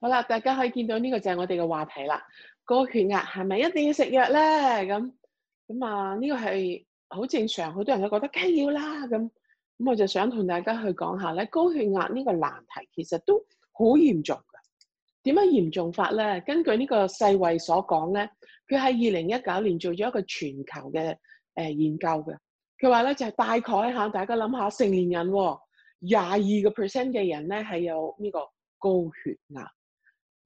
好啦，大家可以見到呢個就係我哋嘅話題啦。高血壓係咪一定要食藥咧？咁咁啊，呢個係好正常，好多人都覺得緊要啦。咁咁，我就想同大家去講下咧，高血壓呢個難題其實都好嚴重噶。點樣嚴重法咧？根據呢個世衛所講咧，佢喺二零一九年做咗一個全球嘅誒研究嘅。佢話咧就係大概吓，大家諗下成年人廿二個 percent 嘅人咧係有呢個高血壓。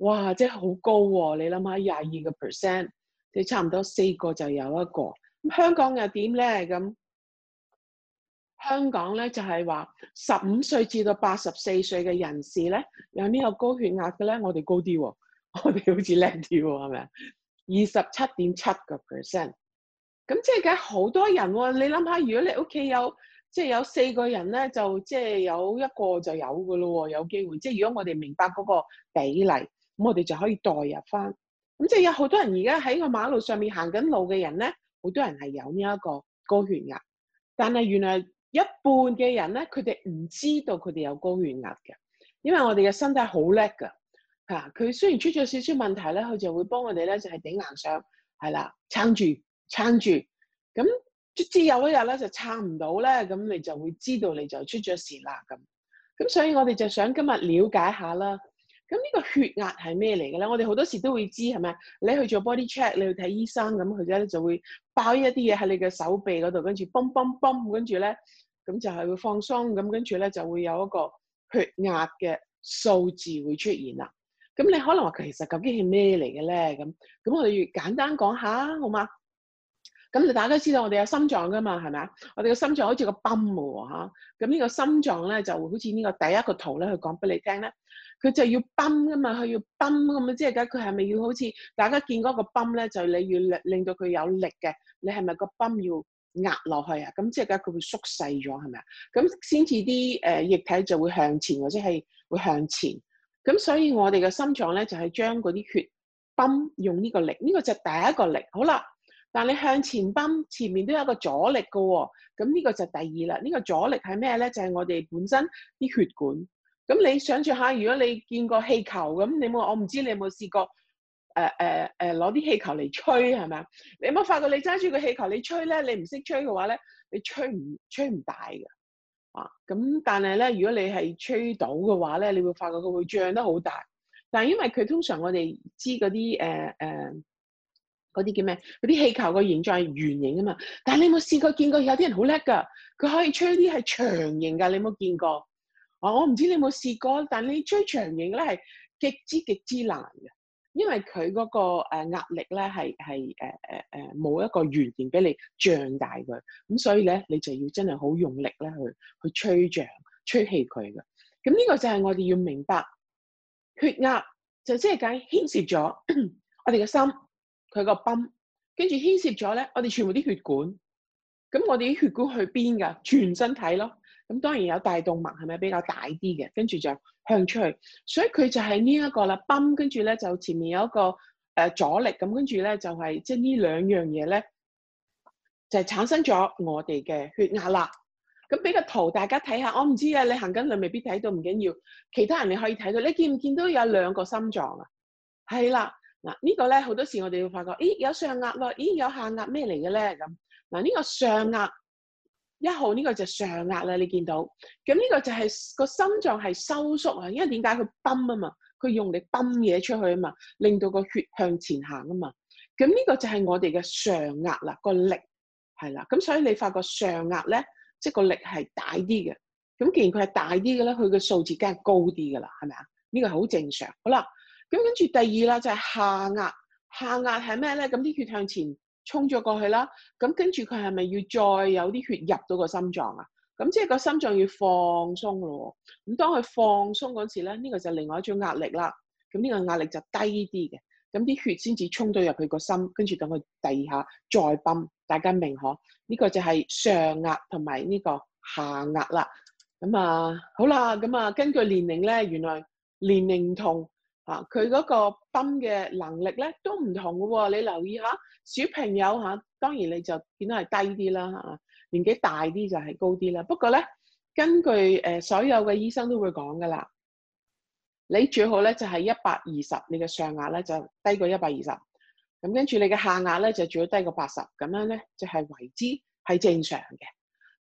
哇！即係好高喎、哦，你諗下廿二個 percent，你差唔多四個就有一個。咁香港又點咧？咁香港咧就係話十五歲至到八十四歲嘅人士咧，有呢個高血壓嘅咧，我哋高啲喎、哦，我哋好似叻啲喎，係咪啊？二十七點七個 percent，咁即係梗係好多人喎、哦。你諗下，如果你屋企有即係有四個人咧，就即係有一個就有㗎咯喎，有機會。即係如果我哋明白嗰個比例，咁我哋就可以代入翻，咁即係有好多人而家喺個馬路上面行緊路嘅人咧，好多人係有呢一個高血壓，但係原來一半嘅人咧，佢哋唔知道佢哋有高血壓嘅，因為我哋嘅身體好叻噶，吓、啊、佢雖然出咗少少問題咧，佢就會幫我哋咧就係頂硬上，係啦，撐住撐住，咁卒之有一日咧就撐唔到咧，咁你就會知道你就出咗事啦咁，咁所以我哋就想今日了解下啦。咁呢個血壓係咩嚟嘅咧？我哋好多時都會知係咪？你去做 body check，你去睇醫生咁，佢咧就會包一啲嘢喺你嘅手臂嗰度，跟住嘣嘣嘣，跟住咧咁就係會放鬆，咁跟住咧就會有一個血壓嘅數字會出現啦。咁你可能話其實究竟係咩嚟嘅咧？咁咁我哋簡單講下，好嗎？咁大家知道我哋有心臟噶嘛，係咪啊？我哋個心臟好似個泵喎，嚇。咁呢個心臟咧，就好似呢個第一個圖咧，佢講俾你聽咧，佢就要泵噶嘛，佢要泵咁樣，即係佢係咪要好似大家見嗰個泵咧，就是、你要令令到佢有力嘅？你係咪個泵要壓落去啊？咁即係佢會縮細咗係咪啊？咁先至啲誒液體就會向前或者係會向前。咁所以我哋嘅心臟咧就係將嗰啲血泵用呢個力，呢、這個就第一個力。好啦。但係你向前奔，前面都有個阻力噶、哦，咁呢個就第二啦。呢、這個阻力係咩咧？就係、是、我哋本身啲血管。咁你想住下，如果你見過氣球咁，你冇我唔知你有冇試過誒誒誒，攞、呃、啲、呃呃、氣球嚟吹係咪啊？你有冇發覺你揸住個氣球你吹咧？你唔識吹嘅話咧，你吹唔吹唔大嘅啊？咁但係咧，如果你係吹到嘅話咧，你會發覺佢會脹得好大。但係因為佢通常我哋知嗰啲誒誒。呃呃嗰啲叫咩？嗰啲氣球個形狀係圓形啊嘛。但係你有冇試過見過有啲人好叻㗎？佢可以吹啲係長形㗎。你有冇見過？哦、我我唔知你有冇試過，但係你吹長形咧係極之極之難嘅，因為佢嗰個誒壓力咧係係誒誒誒冇一個圓形俾你脹大佢，咁所以咧你就要真係好用力咧去去吹脹、吹氣佢㗎。咁、嗯、呢、呢個就係我哋要明白，血壓就即係講牽涉咗我哋嘅心。佢個泵，跟住牽涉咗咧，我哋全部啲血管，咁我哋啲血管去邊噶？全身體咯，咁當然有大動脈，係咪比較大啲嘅？跟住就向出去，所以佢就係呢一個啦。泵跟住咧就前面有一個誒、呃、阻力，咁跟住咧就係即係呢兩樣嘢咧，就係、是、產生咗我哋嘅血壓啦。咁俾個圖大家睇下，我唔知啊，你行緊路未必睇到，唔緊要，其他人你可以睇到。你見唔見到有兩個心臟啊？係啦。嗱，呢個咧好多時我哋會發覺，咦有上壓咯，咦有下壓咩嚟嘅咧？咁嗱呢個上壓一號呢個就上壓啦，你見到咁呢個就係個心臟係收縮啊，因為點解佢泵啊嘛，佢用力泵嘢出去啊嘛，令到個血向前行啊嘛，咁呢個就係我哋嘅上壓啦，個力係啦，咁所以你發覺上壓咧，即係個力係大啲嘅，咁既然佢係大啲嘅咧，佢嘅數字梗係高啲噶啦，係咪啊？呢個係好正常，好啦。咁跟住第二啦，就係下壓。下壓係咩咧？咁啲血向前衝咗過去啦。咁跟住佢係咪要再有啲血入到個心臟啊？咁即係個心臟要放鬆咯。咁當佢放鬆嗰時咧，呢、這個就另外一種壓力啦。咁、這、呢個壓力就低啲嘅。咁啲血先至衝到入佢個心，跟住等佢地下再泵。大家明可？呢、這個就係上壓同埋呢個下壓啦。咁、嗯、啊，好啦，咁啊，根據年齡咧，原來年齡同。啊，佢嗰個泵嘅能力咧都唔同嘅喎、啊，你留意下小朋友吓、啊，當然你就見到係低啲啦吓，年紀大啲就係高啲啦。不過咧，根據誒、呃、所有嘅醫生都會講噶啦，你最好咧就係一百二十，你嘅上壓咧就低過一百二十，咁跟住你嘅下壓咧就最好低過八十，咁樣咧就係、是、為之係正常嘅。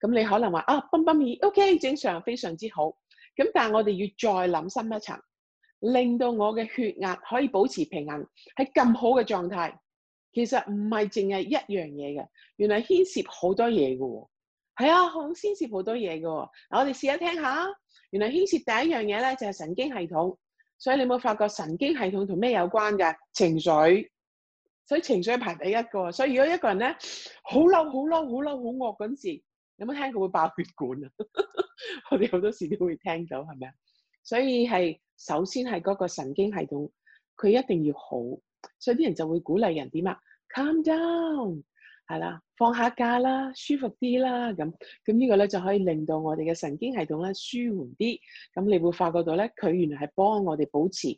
咁你可能話啊泵泵耳，O K 正常，非常之好。咁但係我哋要再諗深一層。令到我嘅血壓可以保持平衡，喺咁好嘅狀態，其實唔係淨係一樣嘢嘅，原來牽涉好多嘢㗎喎。係、哎、啊，好牽涉好多嘢㗎喎。嗱，我哋試一聽下，原來牽涉第一樣嘢咧就係、是、神經系統。所以你冇發覺神經系統同咩有關嘅？情緒，所以情緒排第一個。所以如果一個人咧好嬲、好嬲、好嬲、好惡嗰陣時，有冇聽過會爆血管啊？ 我哋好多時都會聽到，係咪啊？所以係首先係嗰個神經系統，佢一定要好。所以啲人就會鼓勵人點啊，Calm down，係啦，放下架啦，舒服啲啦，咁咁呢個咧就可以令到我哋嘅神經系統咧舒緩啲。咁你會發覺到咧，佢原來係幫我哋保持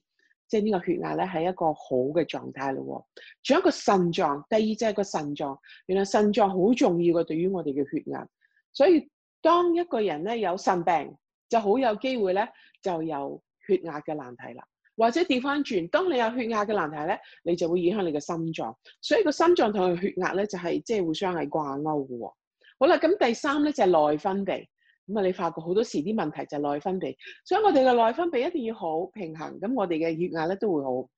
即係呢個血壓咧係一個好嘅狀態咯。仲有一個腎臟，第二即係個腎臟，原來腎臟好重要嘅對於我哋嘅血壓。所以當一個人咧有腎病，就好有機會咧。就有血壓嘅難題啦，或者調翻轉，當你有血壓嘅難題咧，你就會影響你嘅心臟，所以個心臟同個血壓咧就係即係互相係掛鈎嘅。好啦，咁第三咧就係、是、內分泌，咁啊你發覺好多時啲問題就係內分泌，所以我哋嘅內分泌一定要好平衡，咁我哋嘅血壓咧都會好。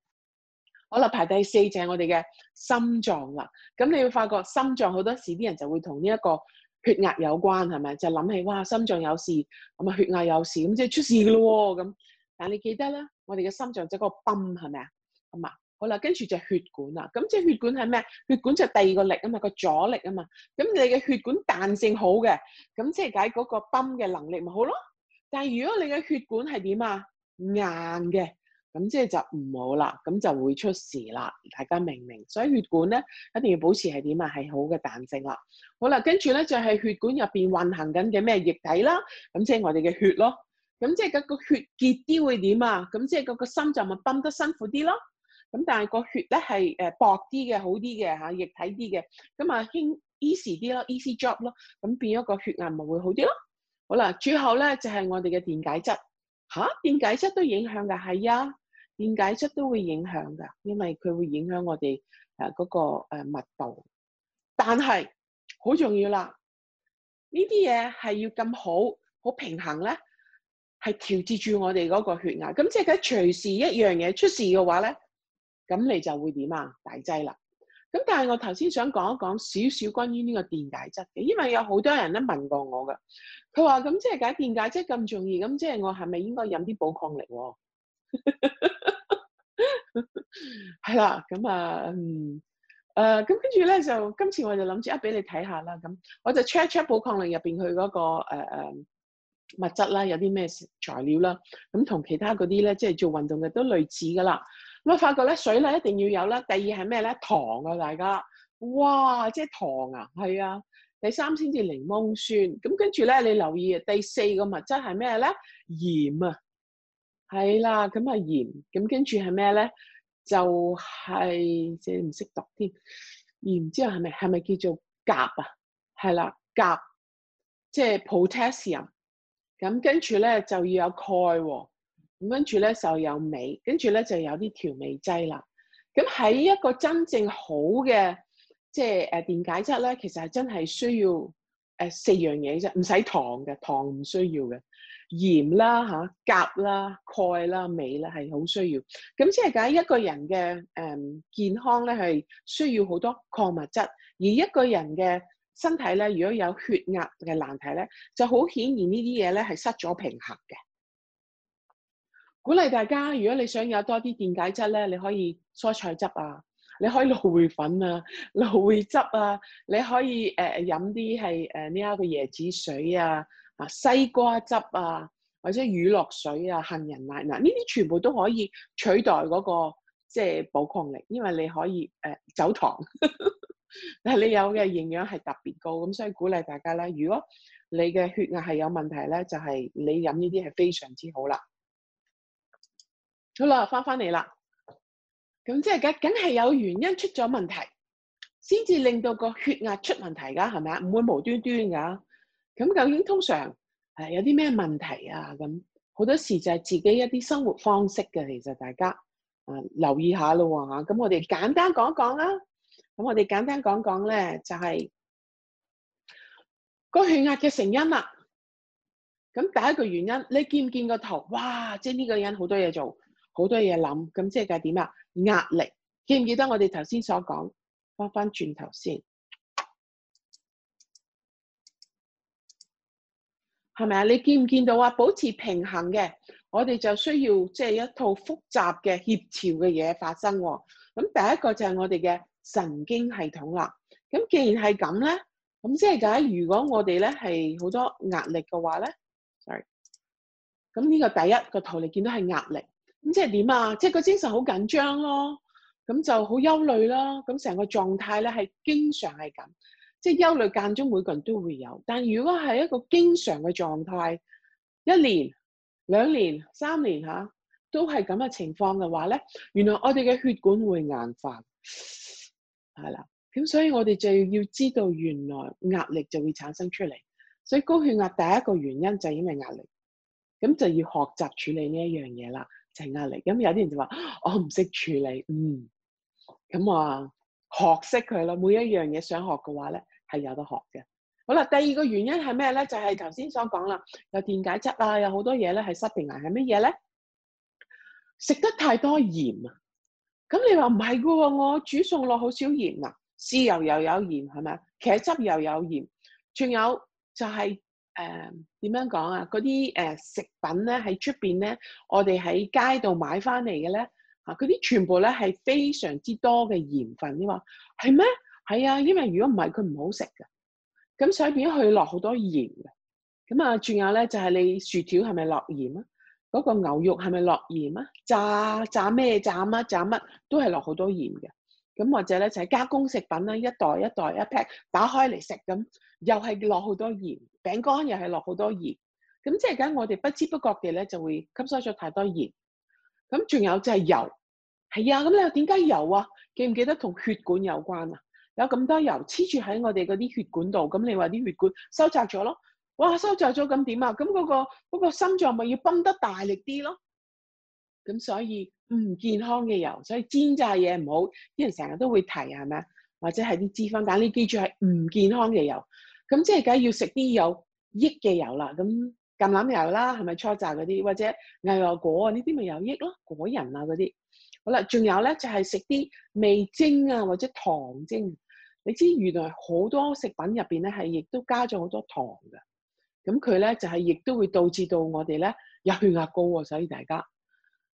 好啦，排第四就係我哋嘅心臟啦，咁你會發覺心臟好多時啲人就會同呢一個。血壓有關係咪？就諗起哇，心臟有事，咁啊血壓有事，咁即係出事嘅咯咁。但係你記得啦，我哋嘅心臟即係嗰個泵係咪啊？咁啊好啦，跟住就血管啦。咁即係血管係咩？血管就係第二個力啊嘛，個阻力啊嘛。咁你嘅血管彈性好嘅，咁即係解嗰個泵嘅能力咪好咯。但係如果你嘅血管係點啊？硬嘅。咁即係就唔好啦，咁就會出事啦，大家明唔明？所以血管咧一定要保持係點啊？係好嘅彈性啦。好啦，跟住咧就係、是、血管入邊運行緊嘅咩液體啦。咁即係我哋嘅血咯。咁即係個血結啲會點啊？咁即係個個心臟咪泵得辛苦啲咯。咁但係個血咧係誒薄啲嘅，好啲嘅嚇液體啲嘅，咁啊輕 easy 啲咯，easy job 咯，咁變咗個血壓咪會好啲咯。好啦，最後咧就係、是、我哋嘅電解質。嚇、啊，電解質都影響噶，係啊。電解質都會影響噶，因為佢會影響我哋誒嗰個誒密度。但係好重要啦，呢啲嘢係要咁好，好平衡咧，係調節住我哋嗰個血壓。咁即係佢隨時一樣嘢出事嘅話咧，咁你就會點啊？大劑啦。咁但係我頭先想講一講少少關於呢個電解質嘅，因為有好多人咧問過我噶，佢話咁即係解電解質咁重要，咁即係我係咪應該飲啲補抗力喎啊？ 係啦，咁啊， 誒，咁跟住咧，就，今次我就諗住啊，俾你睇下啦，咁，我就 check check 寶礦力入邊佢嗰個誒誒，呃呃，物質啦，有啲咩材料啦，咁同其他嗰啲咧，即係做運動嘅都類似噶啦。咁啊，發覺咧，水咧一定要有啦，第二係咩咧？糖啊，大家，哇，即係糖啊，係啊，第三先至檸檬酸，咁跟住咧你留意啊，第四個物質係咩咧？鹽啊。鹽係啦，咁啊鹽，咁跟住係咩咧？就係即係唔識讀添。鹽之後係咪係咪叫做鉀啊？係啦，鉀即係 potassium。咁跟住咧就要有鈣喎，咁跟住咧就有鎂。跟住咧就有啲調味劑啦。咁喺一個真正好嘅即係誒電解質咧，其實係真係需要誒、呃、四樣嘢啫，唔使糖嘅，糖唔需要嘅。鹽啦、啊、嚇鉀啦、鈣啦、啊、鎂啦，係好需要。咁即係講一個人嘅誒、嗯、健康咧係需要好多礦物質。而一個人嘅身體咧，如果有血壓嘅難題咧，就好顯然呢啲嘢咧係失咗平衡嘅。鼓勵大家，如果你想有多啲電解質咧，你可以蔬菜汁啊，你可以蘆薈粉啊、蘆薈汁啊，你可以誒飲啲係誒呢一個椰子水啊。西瓜汁啊，或者乳酪水啊，杏仁奶嗱，呢啲全部都可以取代嗰、那個即係、就是、寶礦力，因為你可以誒、呃、走糖， 但係你有嘅營養係特別高，咁所以鼓勵大家咧，如果你嘅血壓係有問題咧，就係、是、你飲呢啲係非常之好啦。好啦，翻翻嚟啦，咁即係梗梗係有原因出咗問題，先至令到個血壓出問題噶，係咪啊？唔會無端端噶。咁究竟通常係有啲咩問題啊？咁好多事好多時就係自己一啲生活方式嘅，其實大家啊、呃、留意下咯。咁我哋簡單講講啦。咁我哋簡單講講咧，就係、是、個血壓嘅成因啦。咁第一個原因，你見唔見個頭？哇！即係呢個人好多嘢做，好多嘢諗。咁即係計點啊？壓力。記唔記得我哋頭先所講？翻翻轉頭先。係咪啊？你見唔見到啊？保持平衡嘅，我哋就需要即係一套複雜嘅協調嘅嘢發生。咁第一個就係我哋嘅神經系統啦。咁既然係咁咧，咁即係解，如果我哋咧係好多壓力嘅話咧，sorry。咁呢個第一個圖你見到係壓力，咁即係點啊？即係個精神好緊張咯，咁就好憂慮啦。咁成個狀態咧係經常係咁。即係憂慮間中每個人都會有，但如果係一個經常嘅狀態，一年、兩年、三年吓、啊、都係咁嘅情況嘅話咧，原來我哋嘅血管會硬化，係啦。咁所以我哋就要知道原來壓力就會產生出嚟，所以高血壓第一個原因就係因為壓力，咁就要學習處理呢一樣嘢啦，就係、是、壓力。咁有啲人就話我唔識處理，嗯，咁啊，學識佢啦。每一樣嘢想學嘅話咧，係有得學嘅。好啦，第二個原因係咩咧？就係頭先所講啦，有電解質啊，有好多嘢咧係失平衡，係乜嘢咧？食得太多鹽啊！咁你話唔係嘅喎，我煮餸落好少鹽啊，豉油又有鹽係咪啊？茄汁又有鹽，仲有就係誒點樣講啊？嗰啲誒食品咧喺出邊咧，我哋喺街度買翻嚟嘅咧嚇，嗰啲全部咧係非常之多嘅鹽分嘅嘛，係咩？係啊，因為如果唔係佢唔好食嘅，咁上面佢落好多鹽嘅。咁啊，仲有咧就係你薯條係咪落鹽啊？嗰個牛肉係咪落鹽啊？炸炸咩炸啊？炸乜都係落好多鹽嘅。咁或者咧就係加工食品啦，一袋一袋一劈打開嚟食咁，又係落好多鹽。餅乾又係落好多鹽。咁即係咁，我哋不知不覺嘅咧就會吸收咗太多鹽。咁仲有就係油，係啊，咁你又點解油啊？記唔記得同血管有關啊？有咁多油黐住喺我哋嗰啲血管度，咁你話啲血管收窄咗咯？哇，收窄咗咁點啊？咁嗰、嗰個嗰個心臟咪要泵得大力啲咯？咁所以唔健康嘅油，所以煎炸嘢唔好，啲人成日都會提啊，係咪啊？或者係啲脂肪蛋呢？你記住係唔健康嘅油，咁即係梗係要食啲有益嘅油啦。咁橄欖油啦，係咪初榨嗰啲或者牛油果呢啲咪有益咯？果仁啊嗰啲。好啦，仲有咧就係食啲味精啊或者糖精，你知原來好多食品入邊咧係亦都加咗好多糖噶，咁佢咧就係、是、亦都會導致到我哋咧有血壓高、啊，所以大家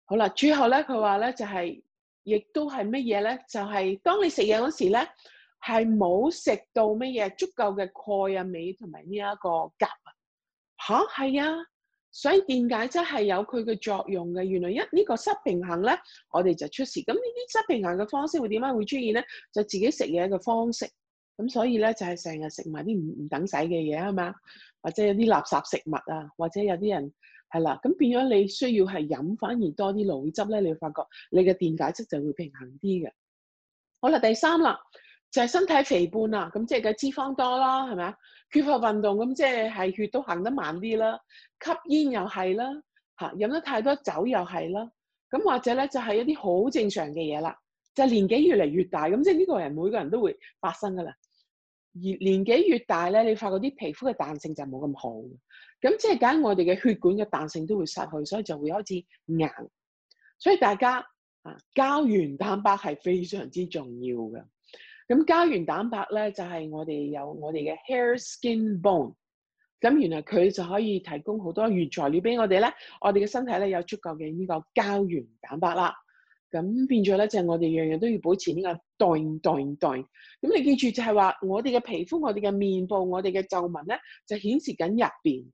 好啦，最後咧佢話咧就係亦都係乜嘢咧？就係、是就是、當你食嘢嗰時咧係冇食到乜嘢足夠嘅鈣啊鎂，同埋呢一個鉀啊，吓係啊？所以電解質係有佢嘅作用嘅，原來一呢個失平衡咧，我哋就出事。咁呢啲失平衡嘅方式會點解會出現咧？就自己食嘢嘅方式。咁所以咧就係成日食埋啲唔唔等使嘅嘢係咪啊？或者有啲垃圾食物啊，或者有啲人係啦，咁變咗你需要係飲，反而多啲腦汁咧，你會發覺你嘅電解質就會平衡啲嘅。好啦，第三啦，就係身體肥胖啊，咁即係嘅脂肪多啦，係咪啊？缺乏運動咁即係血都行得慢啲啦，吸煙又係啦，嚇飲得太多酒又係啦，咁或者咧就係一啲好正常嘅嘢啦。就係年紀越嚟越大，咁即係呢個人每個人都會發生噶啦。而年紀越大咧，你發覺啲皮膚嘅彈性就冇咁好，咁即係梗係我哋嘅血管嘅彈性都會失去，所以就會開始硬。所以大家啊，膠原蛋白係非常之重要嘅。咁膠原蛋白咧就係、是、我哋有我哋嘅 hair skin bone、skin、bone，咁原來佢就可以提供好多原材料俾我哋咧，我哋嘅身體咧有足夠嘅呢個膠原蛋白啦，咁變咗咧就係、是、我哋樣樣都要保持呢個對對對咁你記住就係話我哋嘅皮膚、我哋嘅面部、我哋嘅皺紋咧就顯示緊入邊，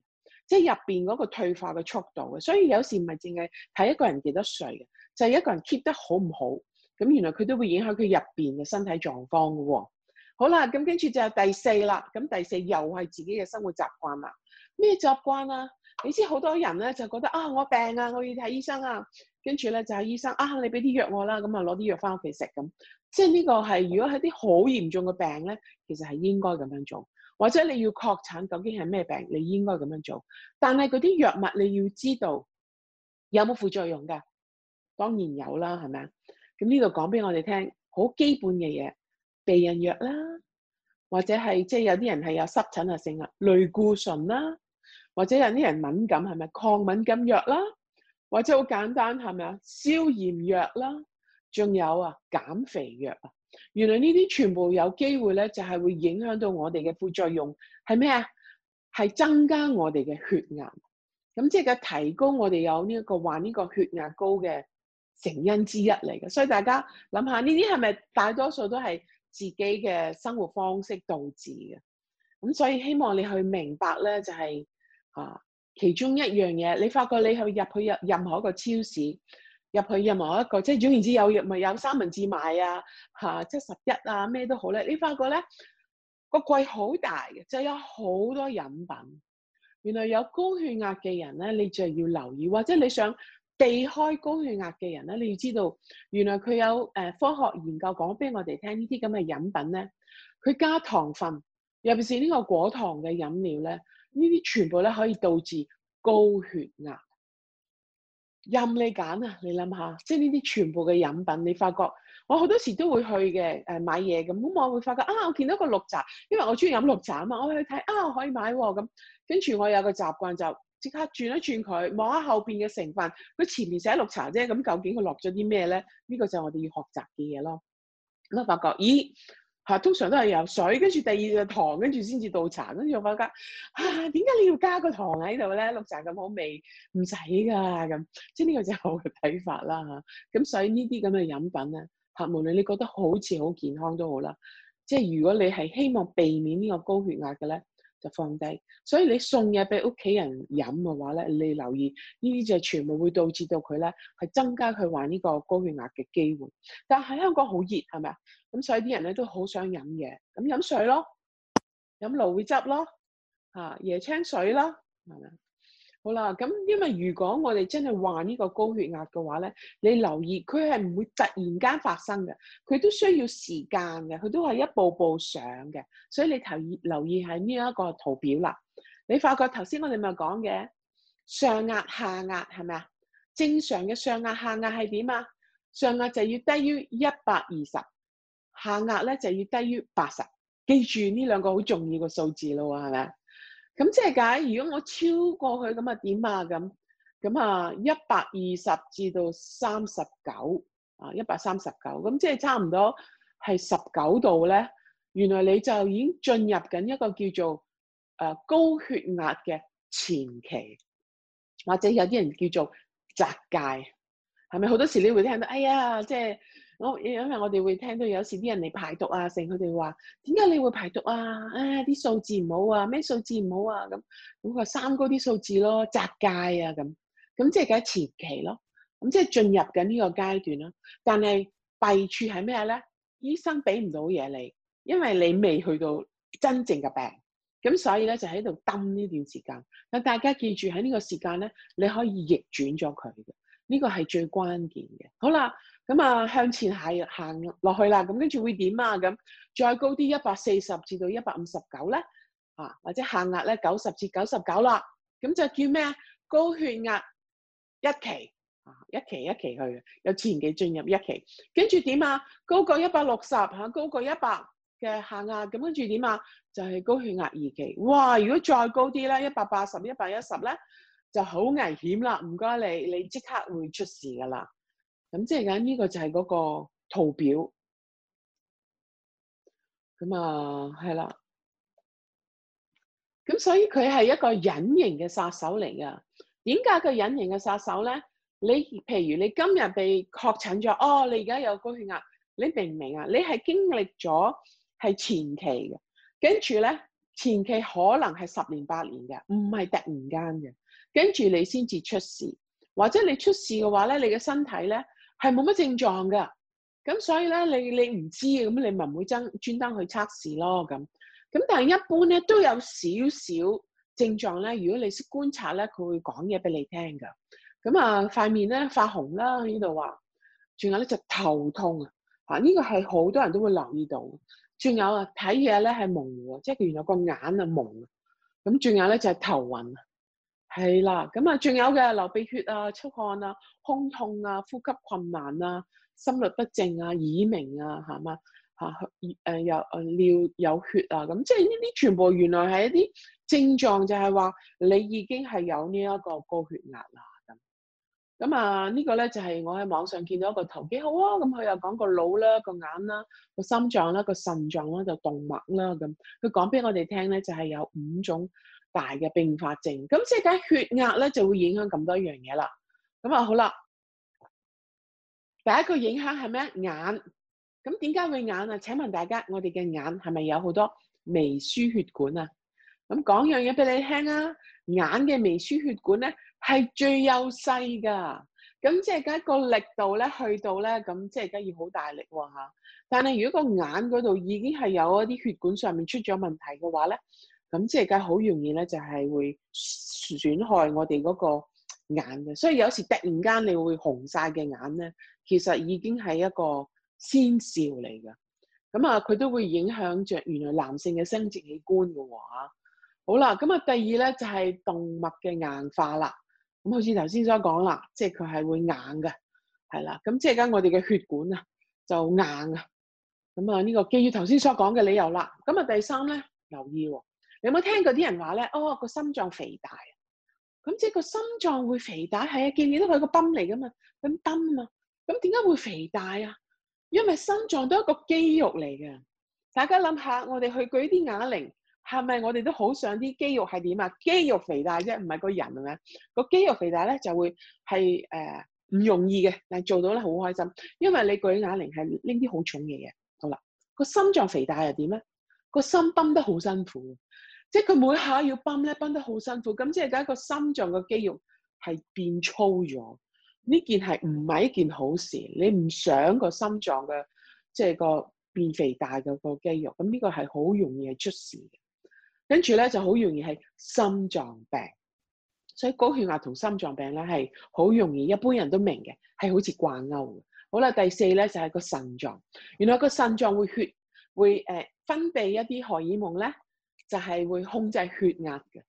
即係入邊嗰個退化嘅速度嘅，所以有時唔係淨係睇一個人幾多歲嘅，就係、是、一個人 keep 得好唔好。咁原來佢都會影響佢入邊嘅身體狀況噶喎、哦。好啦，咁跟住就第四啦。咁第四又係自己嘅生活習慣啦。咩習慣啊？你知好多人咧就覺得啊，我病啊，我要睇醫生啊。跟住咧就係、是、醫生啊，你俾啲藥我啦，咁啊攞啲藥翻屋企食咁。即係呢個係如果係啲好嚴重嘅病咧，其實係應該咁樣做，或者你要確診究竟係咩病，你應該咁樣做。但係嗰啲藥物你要知道有冇副作用噶？當然有啦，係咪啊？咁呢度講俾我哋聽，好基本嘅嘢，避孕藥啦，或者係即係有啲人係有濕疹啊、性啊，類固醇啦、啊，或者有啲人敏感係咪抗敏感藥啦，或者好簡單係咪啊，消炎藥啦，仲有啊，減肥藥啊，原來呢啲全部有機會咧，就係、是、會影響到我哋嘅副作用係咩啊？係增加我哋嘅血壓，咁即係佢提高我哋有呢、這、一個患呢個血壓高嘅。成因之一嚟嘅，所以大家諗下呢啲係咪大多數都係自己嘅生活方式導致嘅？咁所以希望你去明白咧，就係、是、啊，其中一樣嘢，你發覺你去入去任任何一個超市，入去任何一個，即係總言之有，咪有三文治賣啊，吓、啊、七十一啊，咩都好咧，你發覺咧個櫃好大嘅，就是、有好多飲品。原來有高血壓嘅人咧，你就要留意，或者你想。避開高血壓嘅人咧，你要知道，原來佢有誒、呃、科學研究講俾我哋聽，這這呢啲咁嘅飲品咧，佢加糖分，尤其是呢個果糖嘅飲料咧，呢啲全部咧可以導致高血壓。任你揀啊，你諗下，即係呢啲全部嘅飲品，你發覺我好多時都會去嘅誒、呃、買嘢咁，咁我會發覺啊，我見到個綠茶，因為我中意飲綠茶啊嘛，我去睇啊可以買喎、啊、咁，跟住我有個習慣就。即刻轉一轉佢，望下後邊嘅成分。佢前面寫綠茶啫，咁究竟佢落咗啲咩咧？呢、這個就係我哋要學習嘅嘢咯。咁啊，發覺咦嚇、啊，通常都係有水，跟住第二個糖，跟住先至倒茶。跟住我發覺嚇，點、啊、解你要加個糖喺度咧？綠茶咁好味，唔使㗎咁。即係呢個就係我嘅睇法啦嚇。咁所以呢啲咁嘅飲品咧嚇、啊，無論你覺得好似好健康都好啦。即係如果你係希望避免呢個高血壓嘅咧。就放低，所以你送嘢俾屋企人飲嘅話咧，你留意呢啲就全部會導致到佢咧係增加佢患呢個高血壓嘅機會。但係香港好熱係咪啊？咁所以啲人咧都好想飲嘢，咁飲水咯，飲蘆薈汁咯，吓椰青水啦，係咪？好啦，咁因為如果我哋真係患呢個高血壓嘅話咧，你留意佢係唔會突然間發生嘅，佢都需要時間嘅，佢都係一步步上嘅，所以你頭意留意係呢一個圖表啦。你發覺頭先我哋咪講嘅上壓下壓係咪啊？正常嘅上壓下壓係點啊？上壓就要低於一百二十，下壓咧就要低於八十。記住呢兩個好重要嘅數字咯，係咪啊？咁即係解，如果我超過佢咁？啊，點啊？咁咁，啊一百二十至到三十九啊，一百三十九，咁即係差唔多係十九度咧。原來你就已經進入緊一個叫做誒、呃、高血壓嘅前期，或者有啲人叫做窄界，係咪？好多時你會聽到哎呀，即係。因為我哋會聽到有時啲人嚟排毒啊，成日佢哋話點解你會排毒啊？唉、哎，啲數字唔好啊，咩數字唔好啊，咁嗰個三高啲數字咯，窄界啊咁，咁即係喺前期咯，咁即係進入緊呢個階段啦。但係弊處係咩咧？醫生俾唔到嘢你，因為你未去到真正嘅病，咁所以咧就喺度揼呢段時間。但大家記住喺呢個時間咧，你可以逆轉咗佢嘅。呢個係最關鍵嘅。好啦，咁啊向前下行落去啦。咁跟住會點啊？咁再高啲一百四十至到一百五十九咧，啊或者下壓咧九十至九十九啦。咁就叫咩？高血壓一期啊，一期一期去，有前期進入一期。跟住點啊？高過一百六十吓，高過一百嘅下壓。咁跟住點啊？就係、是、高血壓二期。哇！如果再高啲咧，一百八十、一百一十咧？就好危險啦，唔該你，你即刻會出事噶啦。咁即係咁，呢個就係嗰個圖表。咁啊，係啦。咁所以佢係一個隱形嘅殺手嚟噶。點解佢隱形嘅殺手咧？你譬如你今日被確診咗，哦，你而家有高血壓，你明唔明啊？你係經歷咗係前期嘅，跟住咧前期可能係十年八年嘅，唔係突然間嘅。跟住你先至出事，或者你出事嘅話咧，你嘅身體咧係冇乜症狀嘅，咁所以咧你你唔知嘅，咁你咪唔會爭專登去測試咯，咁咁但係一般咧都有少少症狀咧，如果你識觀察咧，佢會講嘢俾你聽噶，咁啊塊面咧發紅啦呢度話，仲有咧就頭痛啊，吓呢個係好多人都會留意到，仲有啊睇嘢咧係矇，即係原來有個眼啊蒙，咁仲有咧就係、是、頭暈。係啦，咁啊，仲有嘅流鼻血啊、出汗啊、胸痛啊、呼吸困難啊、心律不正啊、耳鳴啊，係嘛？嚇，誒有誒尿有血啊，咁即係呢啲全部原來係一啲症狀，就係話你已經係有呢一個高血壓啦。咁、嗯、咁啊，呢個咧就係我喺網上見到一個圖，幾好啊。咁佢又講個腦啦、個眼啦、個心臟啦、個腎臟啦，就動脈啦。咁佢講俾我哋聽咧，就係有五種。大嘅併發症，咁即係講血壓咧，就會影響咁多樣嘢啦。咁啊好啦，第一個影響係咩？眼咁點解會眼啊？請問大家，我哋嘅眼係咪有好多微輸血管啊？咁講樣嘢俾你聽啊，眼嘅微輸血管咧係最幼細噶，咁即係講個力度咧去到咧，咁即係梗要好大力吓、啊。但係如果個眼嗰度已經係有一啲血管上面出咗問題嘅話咧。咁即係而家好容易咧，就係會損害我哋嗰個眼嘅，所以有時突然間你會紅晒嘅眼咧，其實已經係一個先兆嚟噶。咁啊，佢都會影響着原來男性嘅生殖器官嘅話，好啦，咁啊第二咧就係動脈嘅硬化啦。咁好似頭先所講啦，即係佢係會硬嘅，係啦。咁即係而家我哋嘅血管啊，就硬啊。咁啊呢個基於頭先所講嘅理由啦。咁啊第三咧，留意喎。有冇聽過啲人話咧？哦，個心臟肥大，咁、嗯、即係個心臟會肥大係。見唔見到佢個泵嚟噶嘛？咁泵啊嘛？咁點解會肥大啊？因為心臟都係一個肌肉嚟嘅。大家諗下，我哋去舉啲啞鈴，係咪我哋都好想啲肌肉係點啊？肌肉肥大啫，唔係個人係咪？個肌肉肥大咧就會係誒唔容易嘅，但係做到咧好開心。因為你舉啞鈴係拎啲好重嘅嘢。好啦，個心臟肥大又點咧？個心泵得好辛苦，即係佢每下要泵咧，泵得好辛苦。咁即係第一個心臟個肌肉係變粗咗，呢件係唔係一件好事。你唔想個心臟嘅即係個變肥大嘅個肌肉，咁、這、呢個係好容易係出事嘅。跟住咧就好容易係心臟病，所以高血壓同心臟病咧係好容易，一般人都明嘅，係好似掛鈎。好啦，第四咧就係個腎臟，原來個腎臟會血。會誒、呃、分泌一啲荷爾蒙咧，就係、是、會控制血壓嘅。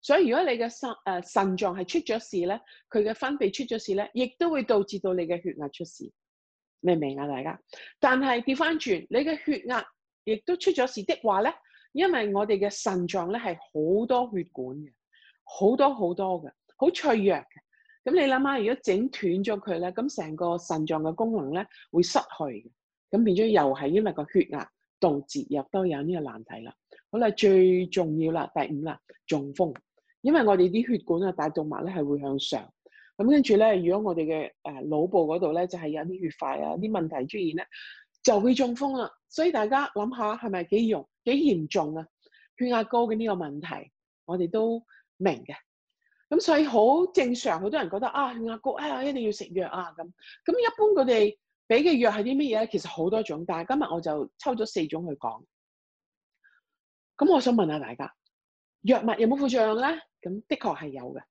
所以如果你嘅腎誒腎臟係出咗事咧，佢嘅分泌出咗事咧，亦都會導致到你嘅血壓出事。明唔明啊，大家？但係調翻轉，你嘅血壓亦都出咗事的話咧，因為我哋嘅腎臟咧係好多血管嘅，好多好多嘅，好脆弱嘅。咁你諗下，如果斷整斷咗佢咧，咁成個腎臟嘅功能咧會失去嘅。咁變咗又係因為個血壓導致入都有呢個難題啦。好啦，最重要啦，第五啦，中風。因為我哋啲血管啊、大動脈咧係會向上，咁跟住咧，如果我哋嘅誒腦部嗰度咧就係有啲血塊啊、啲問題出現咧，就會中風啦。所以大家諗下係咪幾容幾嚴重啊？血壓高嘅呢個問題，我哋都明嘅。咁所以好正常，好多人覺得啊，血壓高啊，哎、一定要食藥啊咁。咁一般佢哋。俾嘅藥係啲乜嘢咧？其實好多種，但係今日我就抽咗四種去講。咁我想問下大家，藥物有冇副作用咧？咁的確係有嘅。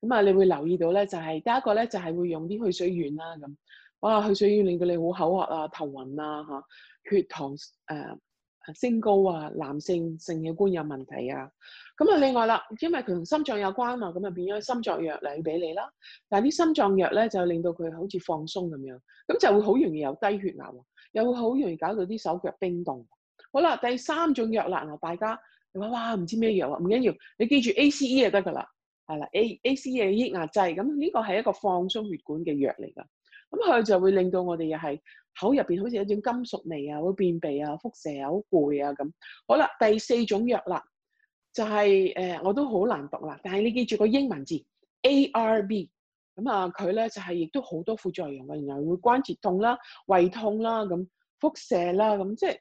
咁啊，你會留意到咧、就係，就係第一個咧，就係會用啲去水丸啦。咁哇，去水丸令到你好口渴啊、頭暈啊、嚇血糖誒。呃升高啊，男性性嘅官有問題啊，咁啊另外啦，因為佢同心臟有關啊，咁啊變咗心臟藥嚟俾你啦。但係啲心臟藥咧就令到佢好似放鬆咁樣，咁就會好容易有低血壓喎，又會好容易搞到啲手腳冰凍。好啦，第三種藥啦，大家你話哇唔知咩藥啊？唔緊要，你記住 A C E 就得㗎啦，係啦 A A C E 嘅抑壓劑，咁呢個係一個放鬆血管嘅藥嚟㗎。咁佢就會令到我哋又係口入邊好似有種金屬味啊，會便秘啊，腹瀉啊，好攰啊咁、啊。好啦，第四種藥啦，就係、是、誒、呃，我都好難讀啦。但係你記住個英文字 A R B，咁啊佢咧就係、是、亦都好多副作用嘅，原來會關節痛啦、啊、胃痛啦、啊、咁腹瀉啦咁，即係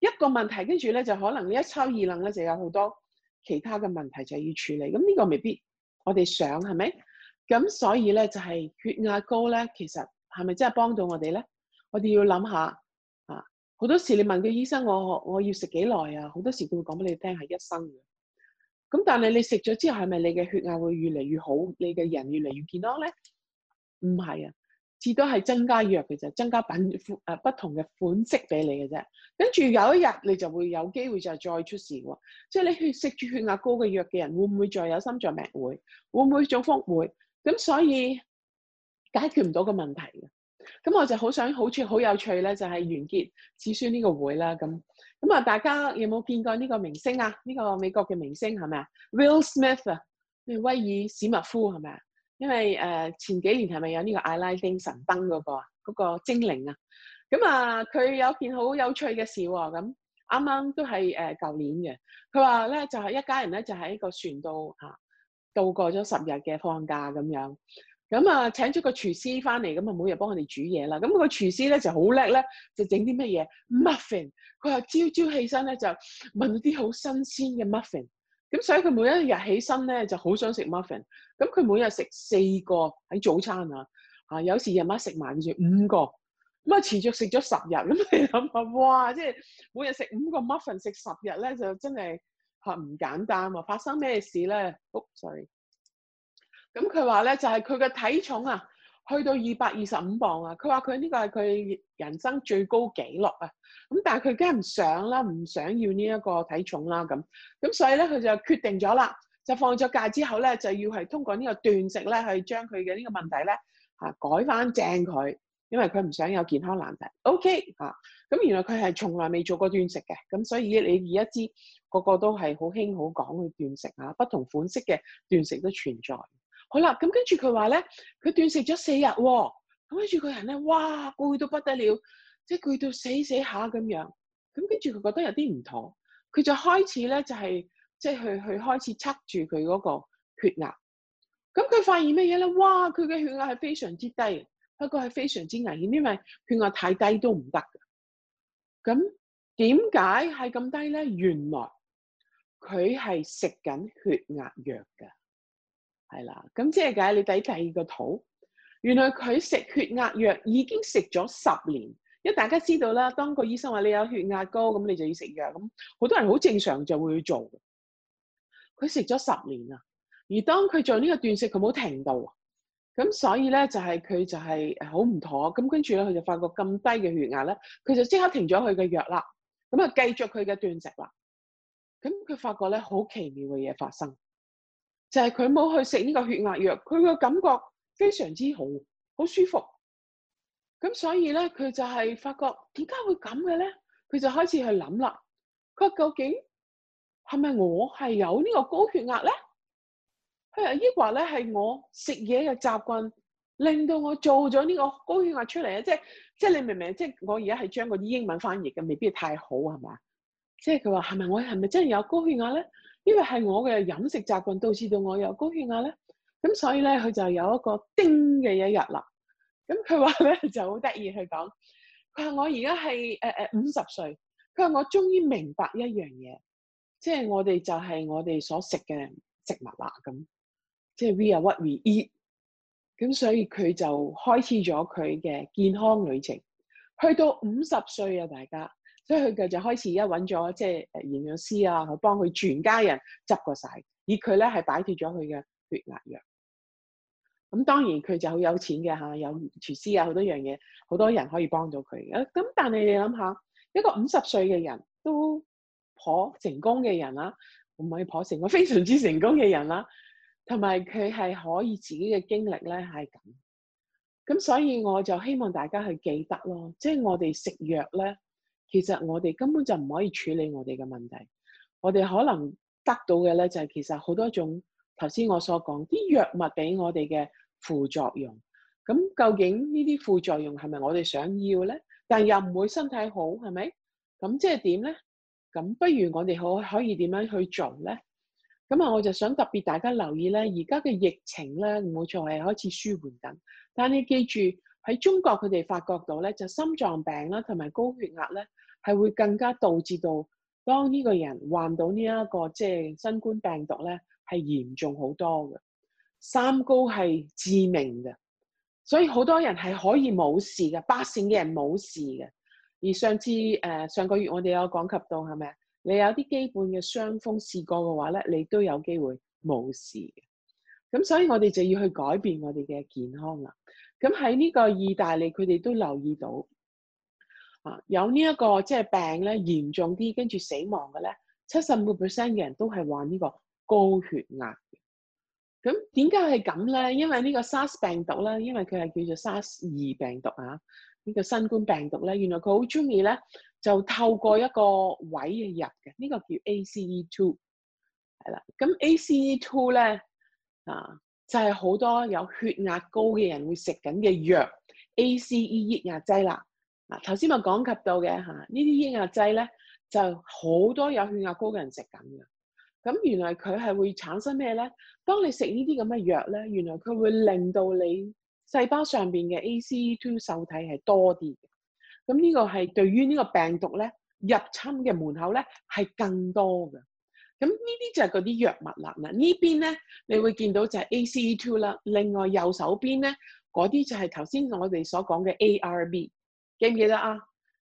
一個問題。跟住咧就可能一抽二楞咧就有好多其他嘅問題就要處理。咁、嗯、呢、這個未必我哋想係咪？咁所以咧就係、係、血壓高咧，其實係咪真係幫到我哋咧？我哋要諗下啊！好多時你問個醫生，我我要食幾耐啊？好多時佢會講俾你聽係一生嘅。咁但係你食咗之後係咪你嘅血壓會越嚟越好，你嘅人越嚟越健康咧？唔係啊，至多係增加藥嘅就增加品誒、呃、不同嘅款式俾你嘅啫。跟住有一日你就會有機會就係再出事喎。即係你血食住血壓高嘅藥嘅人，會唔會再有心臟病？會，會唔會再風？會。咁所以解決唔到個問題嘅，咁我就好想好似好有趣咧，趣就係完結子孫呢個會啦。咁咁啊，大家有冇見過呢個明星啊？呢、這個美國嘅明星係咪啊？Will Smith 啊，威爾史密夫係咪啊？因為誒、呃、前幾年係咪有呢個《阿拉丁神燈、那個》嗰個嗰個精靈啊？咁啊，佢有件好有趣嘅事喎。咁啱啱都係誒舊年嘅，佢話咧就係、是、一家人咧就喺、是、個船度嚇。啊度過咗十日嘅放假咁樣，咁、嗯、啊請咗個廚師翻嚟，咁啊每日幫佢哋煮嘢啦。咁、嗯，個廚師咧就好叻咧，就整啲乜嘢 muffin。佢話朝朝起身咧就聞啲好新鮮嘅 muffin。咁、嗯、所以佢每一日起身咧就好想食 muffin。咁、嗯、佢每日食四個喺早餐啊，啊有時日晚食晚膳五個。咁、嗯、啊持續食咗十日咁、嗯，你諗哇，即係每日食五個 muffin，食十日咧就真係～嚇唔簡單喎！發生咩事咧？哦，sorry。咁佢話咧就係佢嘅體重啊，去到二百二十五磅啊！佢話佢呢個係佢人生最高紀錄啊！咁但係佢梗係唔想啦，唔想要呢一個體重啦咁咁，所以咧佢就決定咗啦，就放咗假之後咧就要係通過個斷呢個斷食咧去將佢嘅呢個問題咧嚇、啊、改翻正佢，因為佢唔想有健康難題。OK 嚇、啊。咁原來佢係從來未做過斷食嘅，咁所以你而家知個個都係好興好講去斷食啊，不同款式嘅斷食都存在。好啦，咁跟住佢話咧，佢斷食咗四日喎，咁跟住個人咧，哇，攰到不得了，即係攰到死死下咁樣。咁跟住佢覺得有啲唔妥，佢就開始咧就係即係去去開始測住佢嗰個血壓。咁佢發現咩嘢咧？哇！佢嘅血壓係非常之低，嗰個係非常之危險，因為血壓太低都唔得。咁點解係咁低咧？原來佢係食緊血壓藥噶，係啦。咁即係解你睇第二個圖，原來佢食血壓藥已經食咗十年。因為大家知道啦，當個醫生話你有血壓高，咁你就要食藥。咁好多人好正常就會去做。佢食咗十年啦，而當佢做呢個斷食，佢冇停到。咁所以咧就係佢就係好唔妥，咁跟住咧佢就發覺咁低嘅血壓咧，佢就即刻停咗佢嘅藥啦。咁啊，繼續佢嘅斷食啦。咁佢發覺咧好奇妙嘅嘢發生，就係佢冇去食呢個血壓藥，佢個感覺非常之好，好舒服。咁所以咧佢就係發覺點解會咁嘅咧？佢就開始去諗啦。佢究竟係咪我係有呢個高血壓咧？佢話抑或咧係我食嘢嘅習慣令到我做咗呢個高血壓出嚟啊！即係即係你明唔明？即係我而家係將嗰啲英文翻譯嘅，未必太好係嘛？即係佢話係咪我係咪真係有高血壓咧？因為係我嘅飲食習慣導致到我有高血壓咧。咁所以咧佢就有一個叮嘅一日啦。咁佢話咧就好得意，佢講：佢話我而家係誒誒五十歲。佢話我終於明白一樣嘢，即係我哋就係我哋所食嘅食物啦咁。即係 We Are What We Eat」，咁所以佢就開始咗佢嘅健康旅程，去到五十歲啊，大家，所以佢就開始而家揾咗即係誒營養師啊，去幫佢全家人執過晒。而佢咧係擺脫咗佢嘅血壓藥。咁當然佢就好有錢嘅嚇，有廚師啊，好多樣嘢，好多人可以幫到佢。咁但係你諗下，一個五十歲嘅人都頗成功嘅人啦、啊，唔可以頗成，我非常之成功嘅人啦、啊。同埋佢係可以自己嘅經歷咧係咁，咁所以我就希望大家去記得咯，即係我哋食藥咧，其實我哋根本就唔可以處理我哋嘅問題，我哋可能得到嘅咧就係、是、其實好多種頭先我所講啲藥物俾我哋嘅副作用，咁究竟呢啲副作用係咪我哋想要咧？但又唔會身體好係咪？咁即係點咧？咁不如我哋可可以點樣去做咧？咁啊，我就想特別大家留意咧，而家嘅疫情咧，唔會錯係開始舒緩緊。但係你記住喺中國，佢哋發覺到咧，就心臟病啦、啊，同埋高血壓咧，係會更加導致到當呢個人患到呢、這、一個即係新冠病毒咧，係嚴重好多嘅。三高係致命嘅，所以好多人係可以冇事嘅，八成嘅人冇事嘅。而上次誒、呃、上個月我哋有講及到係咪啊？是你有啲基本嘅傷風試過嘅話咧，你都有機會冇事嘅。咁所以我哋就要去改變我哋嘅健康啦。咁喺呢個意大利，佢哋都留意到啊，有、這個就是、呢一個即係病咧嚴重啲，跟住死亡嘅咧，七十五個 percent 嘅人都係患呢個高血壓。咁點解係咁咧？因為呢個 SARS 病毒咧，因為佢係叫做 SARS 二病毒啊，呢、這個新冠病毒咧，原來佢好中意咧。就透過一個位入嘅，呢、這個叫 ACE two，係啦。咁 ACE two 咧啊，就係、是、好多有血壓高嘅人會食緊嘅藥，ACE 抑壓劑啦。嗱頭先咪講及到嘅嚇，啊、呢啲抑壓劑咧就好、是、多有血壓高嘅人食緊嘅。咁原來佢係會產生咩咧？當你食呢啲咁嘅藥咧，原來佢會令到你細胞上邊嘅 ACE two 受體係多啲嘅。咁呢、嗯這個係對於呢個病毒咧入侵嘅門口咧係更多嘅。咁、嗯、呢啲就係嗰啲藥物啦。嗱呢邊咧，你會見到就係 ACE2 啦。另外右手邊咧，嗰啲就係頭先我哋所講嘅 ARB，記唔記得啊？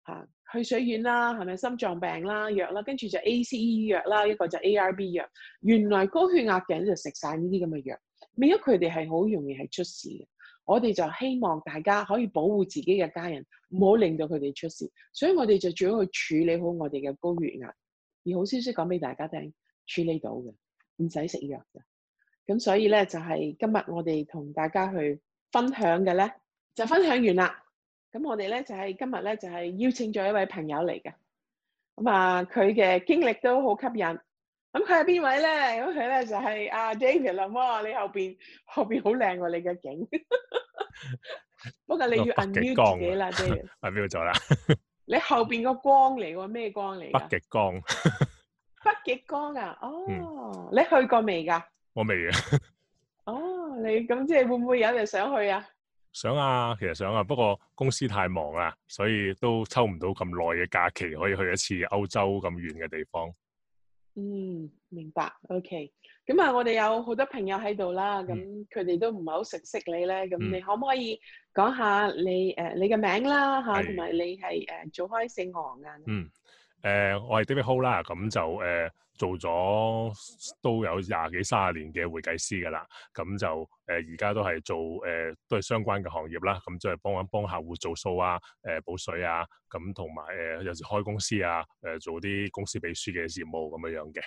嚇、啊，去水院丸啦，係咪心臟病啦藥啦，跟住就 ACE 藥啦，一個就 ARB 藥。原來高血壓嘅就食晒呢啲咁嘅藥，變咗佢哋係好容易係出事嘅。我哋就希望大家可以保護自己嘅家人，唔好令到佢哋出事。所以我哋就最好去處理好我哋嘅高血壓，而好消息講俾大家聽，處理到嘅，唔使食藥嘅。咁所以咧就係今日我哋同大家去分享嘅咧，就分享完啦。咁我哋咧就係今日咧就係邀請咗一位朋友嚟嘅，咁啊佢嘅經歷都好吸引。咁佢係邊位咧？咁佢咧就係阿 Jane 林喎，你後邊後邊好靚喎，你嘅景。不過，你要 u n 自己啦，Jane。啊 v i e 咗啦。你後邊個光嚟喎？咩光嚟？北極光。北極光啊！哦、oh, 嗯，你去過未㗎？我未啊。哦、 oh,，你咁即係會唔會有人想去啊？想啊，其實想啊，不過公司太忙啊，所以都抽唔到咁耐嘅假期，可以去一次歐洲咁遠嘅地方。嗯，明白。OK，咁啊，我哋有好多朋友喺度啦，咁佢哋都唔係好熟悉你咧，咁、嗯、你可唔可以講下你誒，uh, 你嘅名啦吓，同埋是你係誒做開姓王啊？Uh, 嗯。誒、呃，我係 David Ho 啦，咁就誒、呃、做咗都有廿幾三十年嘅會計師噶啦，咁就誒而家都係做誒、呃、都係相關嘅行業啦，咁即係幫緊幫客戶做數啊，誒報稅啊，咁同埋誒有時、呃、開公司啊，誒做啲公司秘書嘅業務咁樣樣嘅。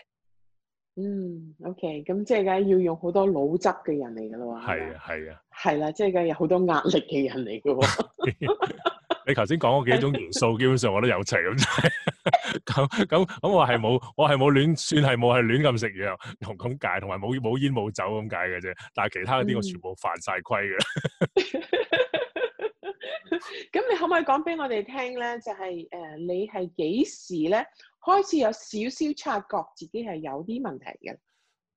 嗯，OK，咁即係梗要用好多腦汁嘅人嚟噶啦喎。係啊，係啊。係啦、啊啊，即係梗係好多壓力嘅人嚟噶喎。 你頭先講嗰幾種元素，基本上我都有齊咁咁咁咁，我係冇，我係冇亂，算係冇係亂咁食藥同咁解，同埋冇冇煙冇酒咁解嘅啫。但係其他啲我全部犯晒規嘅。咁你可唔可以講俾我哋聽咧？就係、是、誒，你係幾時咧開始有少少察覺自己係有啲問題嘅？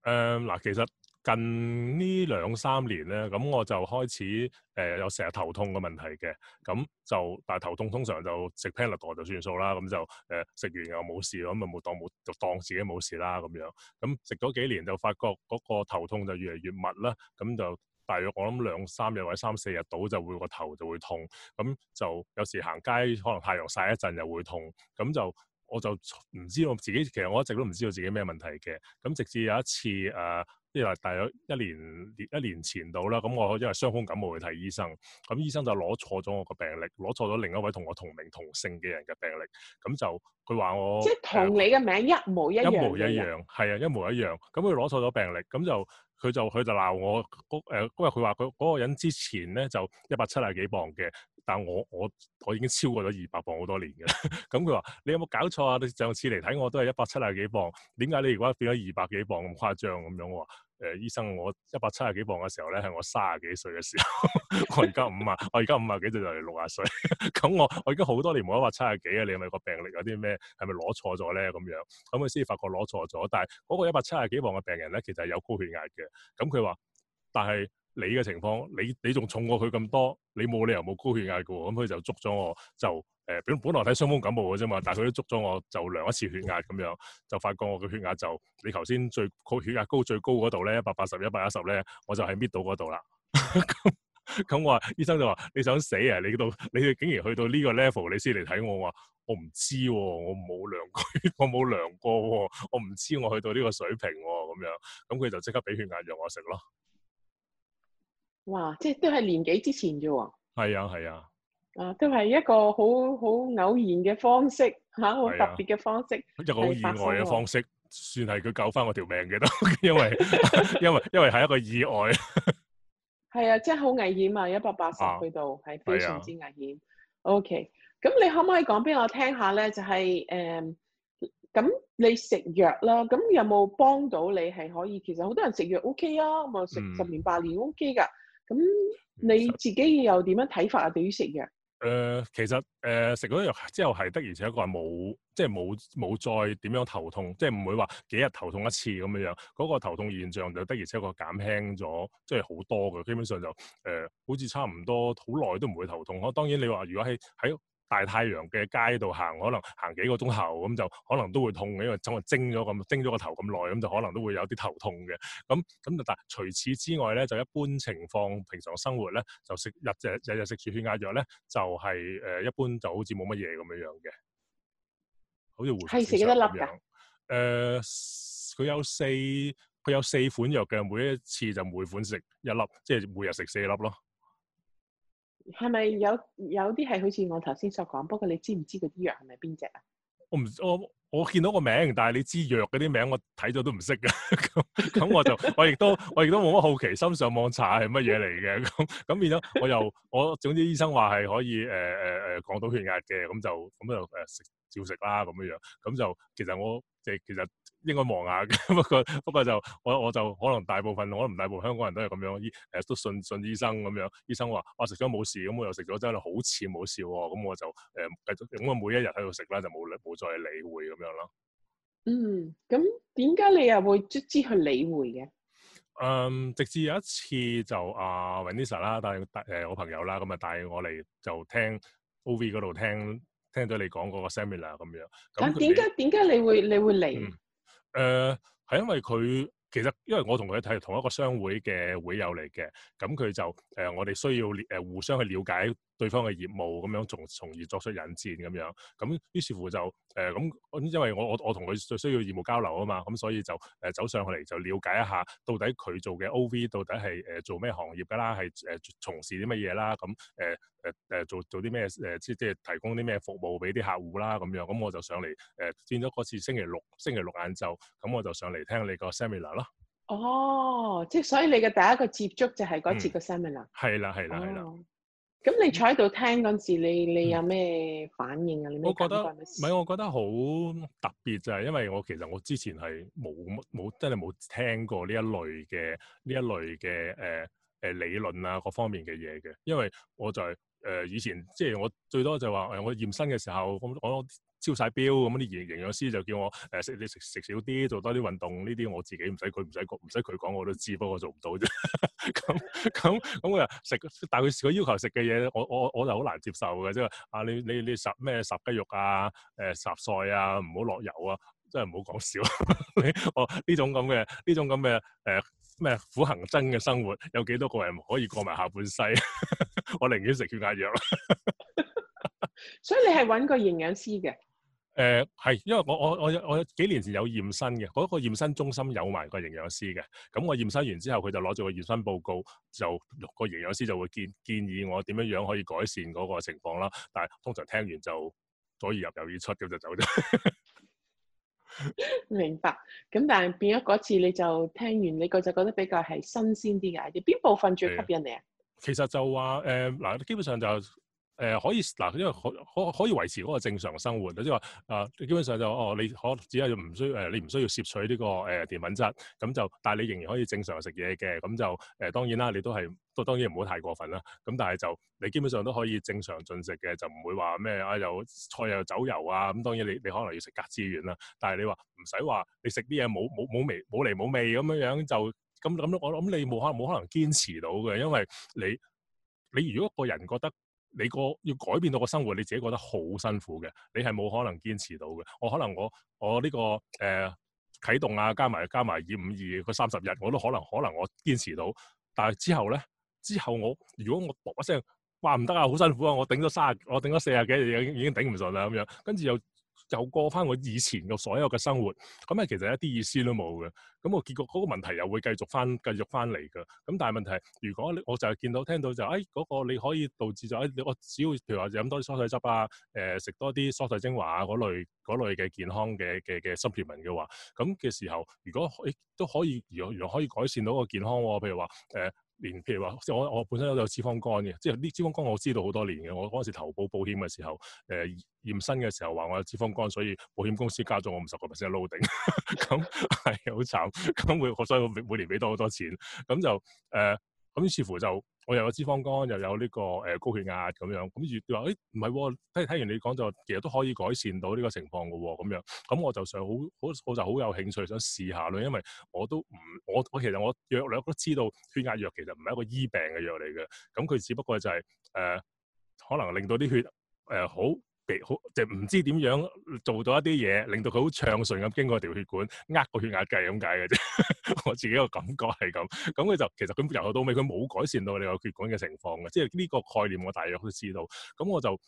誒，嗱，其實。近呢兩三年咧，咁我就開始誒、呃、有成日頭痛嘅問題嘅，咁就但係頭痛通常就食 Panadol 就算數啦，咁就誒食、呃、完又冇事，咁就冇當冇就當自己冇事啦咁樣。咁食咗幾年就發覺嗰、那個頭痛就越嚟越密啦，咁就大約我諗兩三日或者三四日到就會個頭就會痛，咁就有時行街可能太陽曬一陣又會痛，咁就。我就唔知我自己，其實我一直都唔知道自己咩問題嘅。咁直至有一次誒，即、呃、係大約一年一年前度啦。咁我因為傷風感冒去睇醫生，咁醫生就攞錯咗我個病歷，攞錯咗另一位同我同名同姓嘅人嘅病歷。咁就佢話我即係同你嘅名一模一樣，一模一樣，一模一樣，係啊，一模一樣。咁佢攞錯咗病歷，咁就佢就佢就鬧我。誒嗰日佢話佢嗰個人之前咧就一百七十幾磅嘅。但我我我已經超過咗二百磅好多年嘅，咁佢話你有冇搞錯啊？你上次嚟睇我都係一百七廿幾磅，點解你而家變咗二百幾磅咁誇張咁樣？我話、呃、醫生，我一百七廿幾磅嘅時候咧，係我卅幾歲嘅時候， 我而家五啊，我而家五啊幾歲就嚟六啊歲，咁 我我而家好多年冇一百七廿幾啊！你係咪個病歷有啲咩？係咪攞錯咗咧？咁樣咁佢先發覺攞錯咗，但係嗰個一百七廿幾磅嘅病人咧，其實係有高血壓嘅。咁佢話，但係。你嘅情況，你你仲重過佢咁多，你冇理由冇高血壓嘅，咁佢就捉咗我，就誒本本來睇傷風感冒嘅啫嘛，但係佢都捉咗我，就量一次血壓咁樣，就發覺我嘅血壓就你頭先最高血壓高最高嗰度咧一百八十，一百一十咧，我就係搣到嗰度啦。咁我話醫生就話你想死啊？你到你竟然去到呢個 level，你先嚟睇我話，我唔知，我冇量，我冇量過，我唔知我去到呢個水平咁樣，咁佢就即刻俾血壓藥我食咯。哇！即係都係年幾之前啫喎。係啊係啊。啊、啊，都係一個好好偶然嘅方式吓，好特別嘅方式。一個好意外嘅方式，方式算係佢救翻我條命嘅都，因為 因為因為係一個意外。係 啊，真係好危險啊！一百八十去到係、啊、非常之危險。O K，咁你可唔可以講俾我聽下咧？就係、是、誒、咁、呃、你食藥啦，咁有冇幫到你係可以？其實好多人食藥 O K 啊，咁啊食十年八年 O K 噶。咁、嗯、你自己又點樣睇法啊？對於食藥，誒、呃、其實誒食咗啲藥之後係的確，而且確冇即係冇冇再點樣頭痛，即係唔會話幾日頭痛一次咁樣樣。嗰、那個頭痛現象就的，而且確減輕咗，即係好多嘅。基本上就誒、呃、好似差唔多好耐都唔會頭痛。我當然你話如果喺喺大太陽嘅街度行，可能行幾個鐘頭咁就可能都會痛嘅，因為可能蒸咗咁，蒸咗個頭咁耐，咁就可能都會有啲頭痛嘅。咁咁但係除此之外咧，就一般情況，平常生活咧就食日日日日食住血壓藥咧，就係、是、誒、呃、一般就好似冇乜嘢咁樣樣嘅，好似回。係食一粒㗎？誒，佢有四，佢有四款藥嘅，每一次就每款食一粒，即、就、係、是、每日食四粒咯。係咪有有啲係好似我頭先所講？不過你知唔知嗰啲藥係咪邊隻啊？我唔我我見到個名，但係你知藥嗰啲名我、 嗯，我睇咗都唔識嘅。咁咁我就我亦都我亦都冇乜好奇心上網查係乜嘢嚟嘅。咁咁變咗我又我總之醫生話係可以誒誒誒降到血壓嘅，咁就咁就誒食照食啦咁樣樣。咁就其實我。即係其實應該望下嘅，不過不過就我我就可能大部分，可能唔大部分香港人都係咁樣，醫誒都信信醫生咁樣。醫生話我食咗冇事，咁我又食咗真係好似冇事喎，咁、嗯、我就誒繼續咁我每一日喺度食啦，就冇冇再理會咁樣咯。嗯，咁點解你又會卒之去理會嘅？嗯，直至有一次就阿、呃、Vincent 啦，帶帶誒我朋友啦，咁啊帶我嚟就聽 OV i 嗰度聽。聽到你講嗰個 seminar 咁樣，咁點解點解你會你會嚟？誒、嗯、係、呃、因為佢其實因為我同佢睇係同一個商會嘅會友嚟嘅，咁佢就誒、呃、我哋需要誒、呃、互相去了解。對方嘅業務咁樣，從從而作出引戰咁樣。咁於是乎就誒咁、呃，因為我我我同佢最需要業務交流啊嘛，咁所以就誒、呃、走上去嚟就了解一下，到底佢做嘅 O V 到底係誒、呃、做咩行業噶啦，係誒從事啲乜嘢啦？咁誒誒誒做做啲咩誒？即即係提供啲咩服務俾啲客戶啦？咁樣咁、嗯、我就上嚟誒，變咗嗰次星期六星期六晏晝，咁我就上嚟聽你個 seminar 咯。哦，即所以你嘅第一個接觸就係嗰次個 seminar。係啦、嗯，係啦，係啦。咁你坐喺度聽嗰陣時，你你有咩反應啊？你我覺得唔係，我覺得好特別就係，因為我其實我之前係冇冇真係冇聽過呢一類嘅呢一類嘅誒誒理論啊，各方面嘅嘢嘅，因為我就係誒以前即係我最多就話誒我驗身嘅時候咁我，我超晒標，咁啲營營養師就叫我誒食，你食食少啲，做多啲運動。呢啲我自己唔使佢唔使講唔使佢講我都知，不過做唔到啫。咁咁咁我又食，但係佢佢要求食嘅嘢，我我我就好難接受嘅，即係啊，你你你烚咩烚雞肉啊誒烚菜啊，唔好落油啊，真係唔好講笑。我呢種咁嘅呢種咁嘅誒咩苦行僧嘅生活，有幾多個人可以過埋下半世？我寧願食血壓藥。所以你係揾個營養師嘅。誒，係、呃，因為我我我我幾年前有驗身嘅，嗰、那個驗身中心有埋個營養師嘅，咁我驗身完之後，佢就攞住個驗身報告，就、那個營養師就會建建議我點樣樣可以改善嗰個情況啦。但係通常聽完就左耳入右耳出，咁就走咗。 明白，咁但係變咗嗰次你就聽完你個就覺得比較係新鮮啲嘅，有邊部分最吸引你啊？其實就話誒，嗱、呃，基本上就。誒、呃、可以嗱、呃，因為可可可以維持嗰個正常生活，即係話誒基本上就哦，你可只係唔需誒，你唔需要攝、呃、取呢、這個誒、呃、澱粉質咁就，但係你仍然可以正常食嘢嘅，咁就誒、呃、當然啦，你都係都當然唔好太過分啦。咁但係就你基本上都可以正常進食嘅，就唔會話咩啊又菜又走油啊咁。當然你你可能要食隔脂丸啦，但係你話唔使話你食啲嘢冇冇冇味冇嚟冇味咁樣樣就咁咁我諗你冇可能冇可能堅持到嘅，因為你你，你如果個人覺得。你個要改變到個生活，你自己覺得好辛苦嘅，你係冇可能堅持到嘅。我可能我我呢、這個誒、呃、啟動啊，加埋加埋二五二嗰三十日，我都可能可能我堅持到。但係之後咧，之後我如果我噥一聲話唔得啊，好辛苦啊，我頂咗三十，我頂咗四十幾日已經已經頂唔順啦咁樣，跟住又。又過翻我以前嘅所有嘅生活，咁啊其實一啲意思都冇嘅。咁我結局嗰個問題又會繼續翻繼續翻嚟嘅。咁但係問題係，如果你我就係見到聽到就誒、是、嗰、哎那個你可以導致就誒、哎、我只要譬如話飲多啲蔬菜汁啊，誒、呃、食多啲蔬菜精華啊嗰類嗰類嘅健康嘅嘅嘅心血 p 嘅話，咁嘅時候如果可、哎、都可以如原來可以改善到個健康喎、啊，譬如話誒。呃連譬如話，我本身有脂肪肝嘅，即係呢脂肪肝我知道好多年嘅。我嗰陣時投保保險嘅時候，誒、呃、驗身嘅時候話我有脂肪肝，所以保險公司加咗我五十個 percent loading，咁係好慘。咁我所以每、每年俾多好多錢，咁就誒咁、呃、似乎就。我又有脂肪肝，又有呢、這個誒、呃、高血壓咁樣，咁越話誒唔係，聽聽完你講就其實都可以改善到呢個情況嘅喎咁樣，咁我就想好好我就好有興趣想試下咯，因為我都唔我我其實我略略都知道，血壓藥其實唔係一個醫病嘅藥嚟嘅，咁佢只不過就係、是、誒、呃、可能令到啲血誒好。呃好就唔知點樣做到一啲嘢，令到佢好暢順咁經過條血管，呃個血壓計咁解嘅啫。 我自己個感覺係咁，咁佢就其實佢由頭到尾佢冇改善到你個血管嘅情況嘅，即係呢個概念我大約都知道。咁我就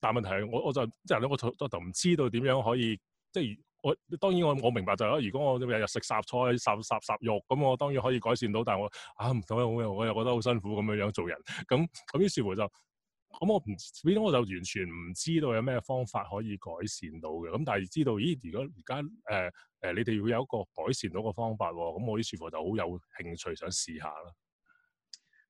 但問題係我我就我就兩個就唔知道點樣可以即係我當然我我明白就係如果我日日食雜菜、雜雜雜肉咁，我當然可以改善到，但係我啊唔咁樣我又我又覺得好辛苦咁樣樣做人，咁咁於是乎就。咁我唔，所以我就完全唔知道有咩方法可以改善到嘅。咁但係知道，咦？如果而家誒誒，你哋會有一個改善到嘅方法喎？咁、嗯、我啲似乎就好有興趣想試下啦。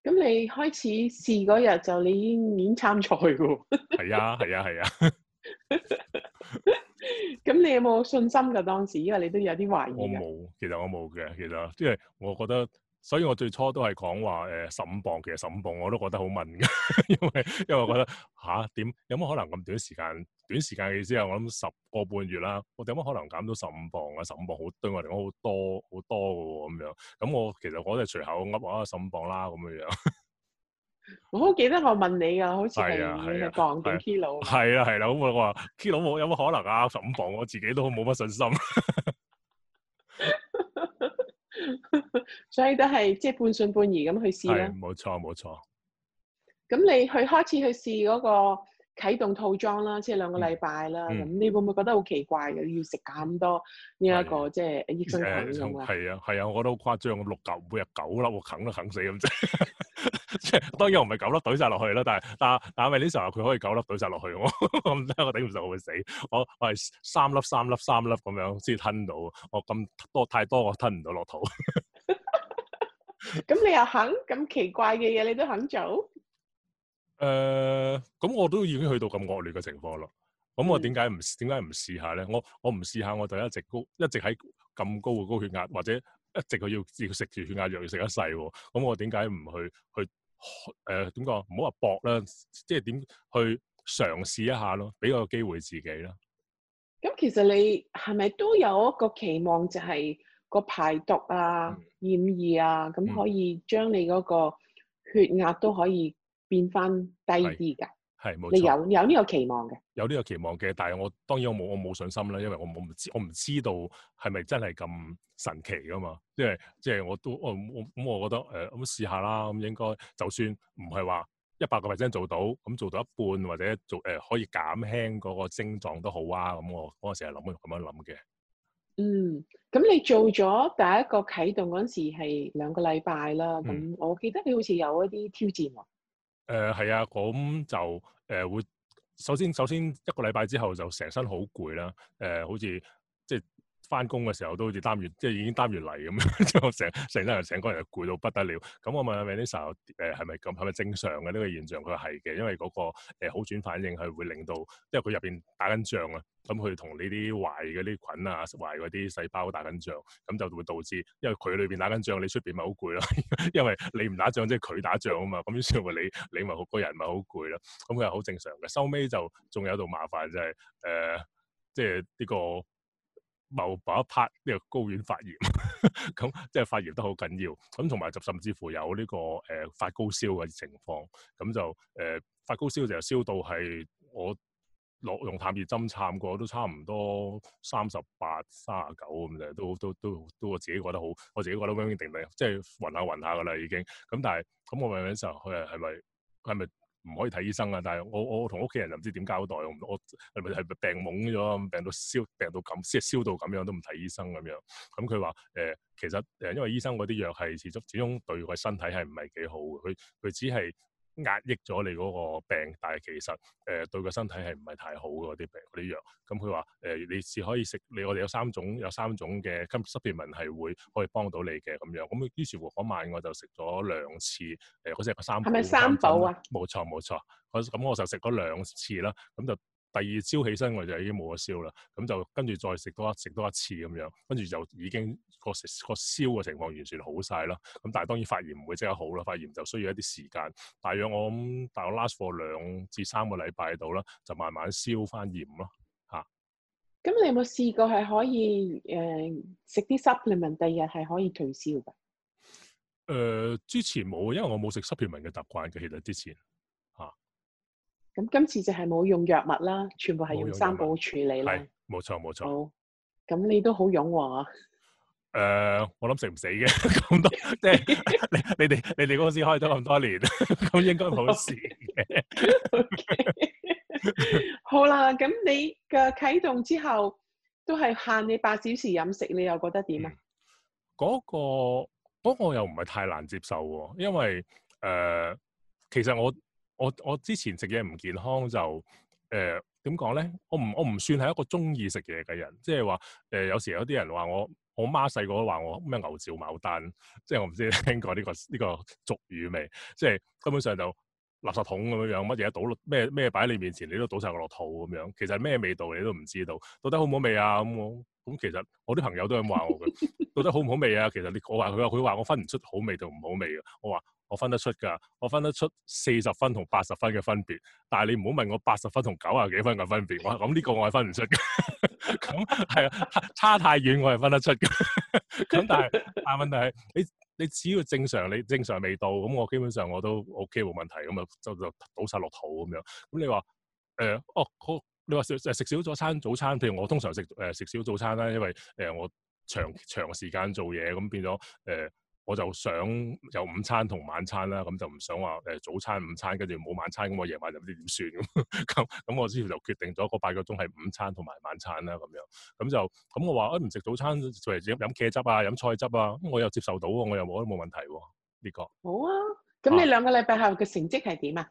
咁你開始試嗰日就你已經參賽嘅喎？係 啊，係啊，係啊。咁 你有冇信心㗎當時？因為你都有啲懷疑。我冇，其實我冇嘅。其實，因為我覺得。所以我最初都係講話誒十五磅，其實十五磅我都覺得好問㗎，因為因為我覺得嚇點，啊、有乜可能咁短時間，短時間嘅意思啊？我諗十個半月啦，我有乜可能減到十五磅啊？十五磅好對我嚟講好多好多嘅喎咁樣。咁我其實我都係隨口噏啊，十五磅啦，咁嘅樣。我好記得我問你㗎，好似係，啊啊啊、磅定 kilo？係啦，係啦，咁，啊啊啊啊、我我話 kilo，有冇可能啊？十五磅我自己都冇乜信心。 所以都係即係半信半疑咁去試啦。冇錯冇錯。咁你去開始去試嗰個啟動套裝啦，即係兩個禮拜啦。咁、嗯、你會唔會覺得好奇怪嘅？要食咁多呢、這、一個的、這個、即係益生菌用啊？係啊係啊，我覺得好誇張，六嚿，每日九粒，我啃都啃死咁啫。 當然我唔係九粒懟晒，落去啦，但係但係咪呢時候佢可以九粒懟晒落去？我 我頂唔順我會死，我我係三粒三粒三粒咁樣先吞到，我咁多太多我吞唔到落肚。咁 你又肯咁奇怪嘅嘢，你都肯做？誒、呃，咁我都已經去到咁惡劣嘅情況咯。咁我點解唔點解唔試下咧？我我唔試下，我就一直高，一直喺咁高嘅高血壓，或者一直要要食住血壓藥要食一世。咁我點解唔去去？去誒，點講、呃？唔好話搏啦，即係點去嘗試一下咯，俾個機會自己啦。咁其實你係咪都有一個期望，就係個排毒啊、二五、嗯、啊，咁可以將你嗰個血壓都可以變翻低啲噶？係冇，你有有呢個期望嘅？有呢個期望嘅，但係我當然我冇我冇信心啦，因為我我唔知我唔知道係咪真係咁神奇㗎嘛？即係即係我都我我咁我覺得誒，咁試下啦，咁應該就算唔係話一百個 percent 做到，咁做到一半或者做誒、呃、可以減輕嗰個症狀都好啊。咁我嗰陣時係諗咁樣諗嘅。嗯、咁，嗯、你做咗第一個啟動嗰陣時係兩個禮拜啦，咁，嗯、我記得你好似有一啲挑戰喎。誒係、呃、啊，咁就誒會、呃、首先首先一個禮拜之後就成身、呃、好攰啦，誒好似。翻工嘅時候都好似擔完，即係已經擔完嚟咁樣，之後成成個人、成個人攰到不得了。咁我問阿 Vanessa 誒係咪咁？係咪正常嘅呢個現象？佢話係嘅，因為嗰個、誒、好轉反應係會令到，因為佢入邊打緊仗啊，咁佢同呢啲壞嘅啲菌啊、壞嗰啲細胞打緊仗，咁就會導致，因為佢裏邊打緊仗，你出邊咪好攰咯？ 因為你唔打仗，即係佢打仗啊嘛，咁於是咪你你咪個人咪好攰咯？咁係好正常嘅。收尾就仲有度麻煩就係、誒，即係呢個。某冇一 part 呢，這個睪丸發炎，咁 即係發炎得好緊要。咁同埋就甚至乎有呢，這個誒、呃、發高燒嘅情況。咁就誒、呃、發高燒成日燒到係我攞用探熱針探過都差唔多三十八、三十九咁就都都都都，都我自己覺得好，我自己覺得揾揾定定，即係暈下暈下噶啦已經。咁但係咁我問嘅時候，佢係咪？佢係咪？是唔可以睇醫生啊！但係我我同屋企人又唔知點交代，我我係咪病懵咗，病到燒，病到咁，即係燒到咁樣都唔睇醫生咁樣。咁佢話誒，其實誒、呃，因為醫生嗰啲藥係始終始終對佢身體係唔係幾好嘅，佢佢只係。壓抑咗你嗰個病，但係其實誒、呃、對個身體係唔係太好嘅啲病啲藥，咁佢話誒，你只可以食你，我哋有三種有三種嘅金濕片文係會可以幫到你嘅咁樣。咁於是乎嗰晚我就食咗兩次誒，好似係嗰隻三。係咪三寶啊？冇錯冇錯，咁、嗯、我就食咗兩次啦，咁就。第二朝起身我就已經冇咗燒啦，咁就跟住再食多食多一次咁樣，跟住就已經個食個燒嘅情況完全好晒啦。咁但係當然發炎唔會即刻好啦，發炎就需要一啲時間，大約我諗，大約 last for 兩至三個禮拜度啦，就慢慢燒翻炎咯。吓、啊，咁你有冇試過係可以誒食啲 supplement 第二日係可以退燒噶？誒、呃，之前冇，因為我冇食 supplement 嘅習慣嘅，其實之前。咁今次就係冇用藥物啦，全部係用三寶處理啦。係，冇錯冇錯。錯錯好，咁你都好勇喎、啊。誒、呃，我諗食唔死嘅，咁 多即係、 就是、你哋你哋公司開咗咁多年，咁 應該冇事嘅。 Okay . 好啦，咁你嘅啟動之後都係限你八小時飲食，你又覺得點啊？嗰、嗯那個嗰、那個又唔係太難接受，因為誒、呃，其實我。我我之前食嘢唔健康就誒點講咧？我唔我唔算係一個中意食嘢嘅人，即係話誒有時有啲人話我，我媽細個都話我咩牛照牡丹，即係我唔知聽過呢個呢個俗語未？即係根本上就垃圾桶咁樣，乜嘢倒咩咩擺喺你面前，你都倒晒個落肚咁樣。其實咩味道你都唔知道，到底好唔好味啊？咁咁其實我啲朋友都咁話我嘅，到底好唔好味啊？其實你我話佢話佢話我分唔出好味同唔好味嘅，我話。我分得出噶，我分得出四十分同八十分嘅分別。但係你唔好問我八十分同九啊幾分嘅分別，我諗呢個我係分唔出嘅。咁 係啊，差太遠我係分得出嘅。咁 但係但係問題係你你只要正常，你正常未到咁，我基本上我都 O K 冇問題咁啊，就就倒晒落肚咁樣。咁你話誒、呃、哦好，你話食食少咗餐早餐，譬如我通常食誒食少早餐啦，因為誒、呃、我長長時間做嘢咁變咗誒。呃我就想有午餐同晚餐啦，咁就唔想話誒早、， 哎、早餐、午餐跟住冇晚餐咁，我夜晚又唔知點算咁。咁咁我於是就決定咗個八個鐘係午餐同埋晚餐啦，咁樣咁就咁我話誒唔食早餐，就嚟飲茄汁啊、飲菜汁啊，我又接受到，我又冇都冇問題喎、啊。呢、這個好啊，咁你兩個禮拜後嘅成績係點啊？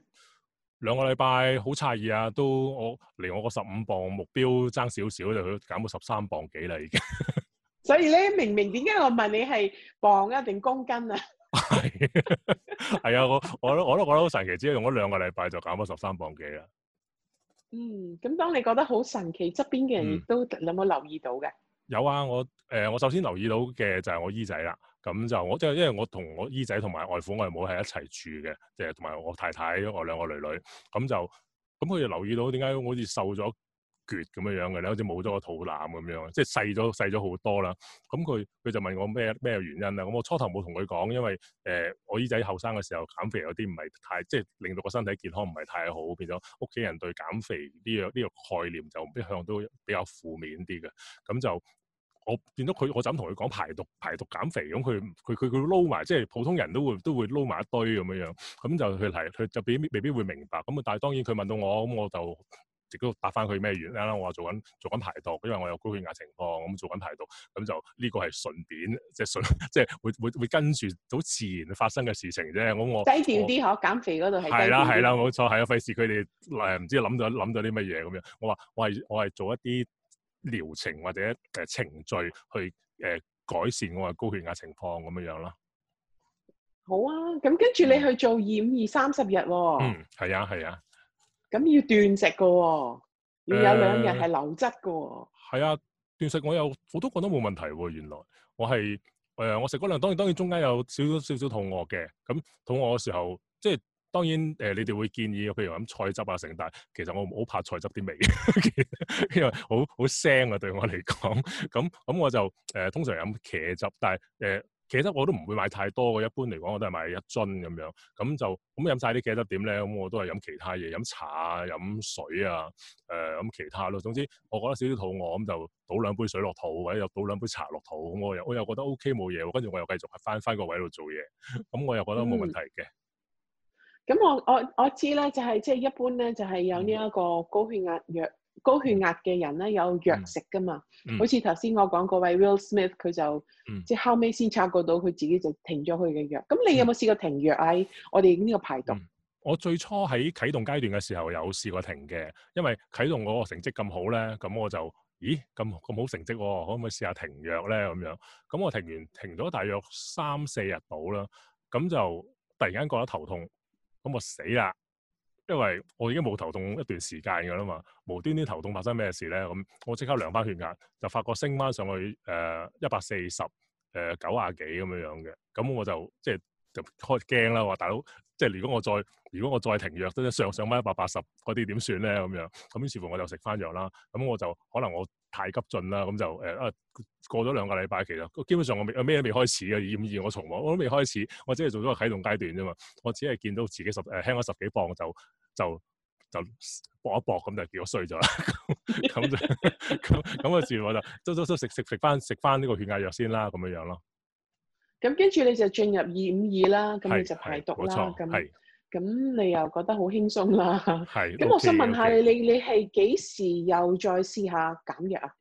兩個禮拜好詫異啊，都我離我個十五磅目標爭少少，就去減到十三磅幾啦，已經。 所以咧，明明點解我問你係磅啊定公斤啊？係啊， 我我我都覺得好神奇，只係用咗兩個禮拜就減咗十三磅幾啦、嗯。嗯，咁當你覺得好神奇，側邊嘅人都有冇留意到嘅？有啊，我誒、呃、我首先留意到嘅就係我姨仔啦。咁就我即係因為我同我姨仔同埋外父外母喺一齊住嘅，即係同埋我太太我兩個女女咁，就咁佢就留意到點解好似瘦咗。絕咁樣樣嘅，你好似冇咗個肚腩咁樣，即係細咗細咗好多啦。咁佢佢就問我咩咩原因啊？咁我初頭冇同佢講，因為誒、呃、我姨仔後生嘅時候減肥有啲唔係太，即係令到個身體健康唔係太好，變咗屋企人對減肥呢樣呢個概念就一向都比較負面啲嘅。咁就我見到佢，我就同佢講排毒排毒減肥，咁佢佢佢佢撈埋，即係普通人都會都會撈埋一堆咁樣樣。咁就佢提佢就比未，未，未必會明白。咁但係當然佢問到我，咁我就。亦都答翻佢咩原因啦。我話做緊做緊排毒，因為我有高血壓情況，咁、嗯、做緊排毒，咁就呢、這個係順便，即係順，即係會會會跟住好自然發生嘅事情啫。我我低調啲嗬，我我減肥嗰度係係啦係啦，冇錯，係啊，費事佢哋誒唔知諗咗諗咗啲乜嘢咁樣。我話我係我係做一啲療程或者誒程序去誒、呃、改善我嘅高血壓情況咁樣樣咯。好啊，咁跟住你去做二五二三十日喎。嗯，係啊，係啊。咁要斷食嘅喎、哦，要有兩日係流質嘅喎、哦。係、呃、啊，斷食我有好多個都冇問題喎。原來我係誒、呃，我食嗰兩，當然當然中間有少少少少肚餓嘅。咁、嗯、肚餓嘅時候，即係當然誒、呃，你哋會建議譬如話飲菜汁啊成，但其實我唔好怕菜汁啲味， 因為好好腥啊對我嚟講。咁、嗯、咁、嗯、我就誒、呃、通常飲茄汁，但係誒。呃記得我都唔會買太多嘅，一般嚟講我都係買一樽咁樣，咁就咁飲晒啲記得點咧？咁我都係飲其他嘢，飲茶、飲水啊，誒、呃、咁其他咯。總之我覺得少少肚餓，咁就倒兩杯水落肚，或者又倒兩杯茶落肚，咁我又我又覺得 O K 冇嘢，跟住我又繼續翻翻個位度做嘢，咁 我又覺得冇問題嘅。咁、嗯、我我我知咧、就係，就係即係一般咧，就係有呢一個高血壓藥。高血壓嘅人咧有藥食噶嘛？嗯、好似頭先我講嗰位 Will Smith 佢就、嗯、即係後尾先察覺到佢自己就停咗佢嘅藥。咁你有冇試過停藥喺、嗯、我哋呢個排毒、嗯，我最初喺啟動階段嘅時候有試過停嘅，因為啟動嗰個成績咁好咧，咁我就咦咁咁好成績、哦，可唔可以試下停藥咧？咁樣咁我停完停咗大約三四日到啦，咁就突然間覺得頭痛，咁我死啦！因為我已經冇頭痛一段時間噶啦嘛，無端端頭痛，發生咩事咧？咁我即刻量翻血壓，就發覺升翻上去，誒一百四十，誒九啊幾咁樣樣嘅。咁我就即係就開驚啦，話、就是、大佬，即、就、係、是、如果我再如果我再停藥，都上上翻一百八十，嗰啲點算咧？咁樣咁於是乎我就食翻藥啦，咁我就可能我。太急進啦，咁就誒啊、呃、過咗兩個禮拜，其實基本上我未咩都未開始嘅二五二我從我我都未開始，我只係做咗個啟動階段啫嘛，我只係見到自己十誒、呃、輕咗十幾磅就就就搏一搏咁、嗯、 就變我衰咗啦，咁就咁咁嘅時我就都都都食食食翻食翻呢個血壓藥,藥先啦，咁樣樣咯。咁跟住你就進入二五二啦，咁你就排毒啦，咁。那咁你又覺得好輕鬆啦？係是。咁我想問下 okay, okay. 你，你你係幾時又再試下減藥啊？誒、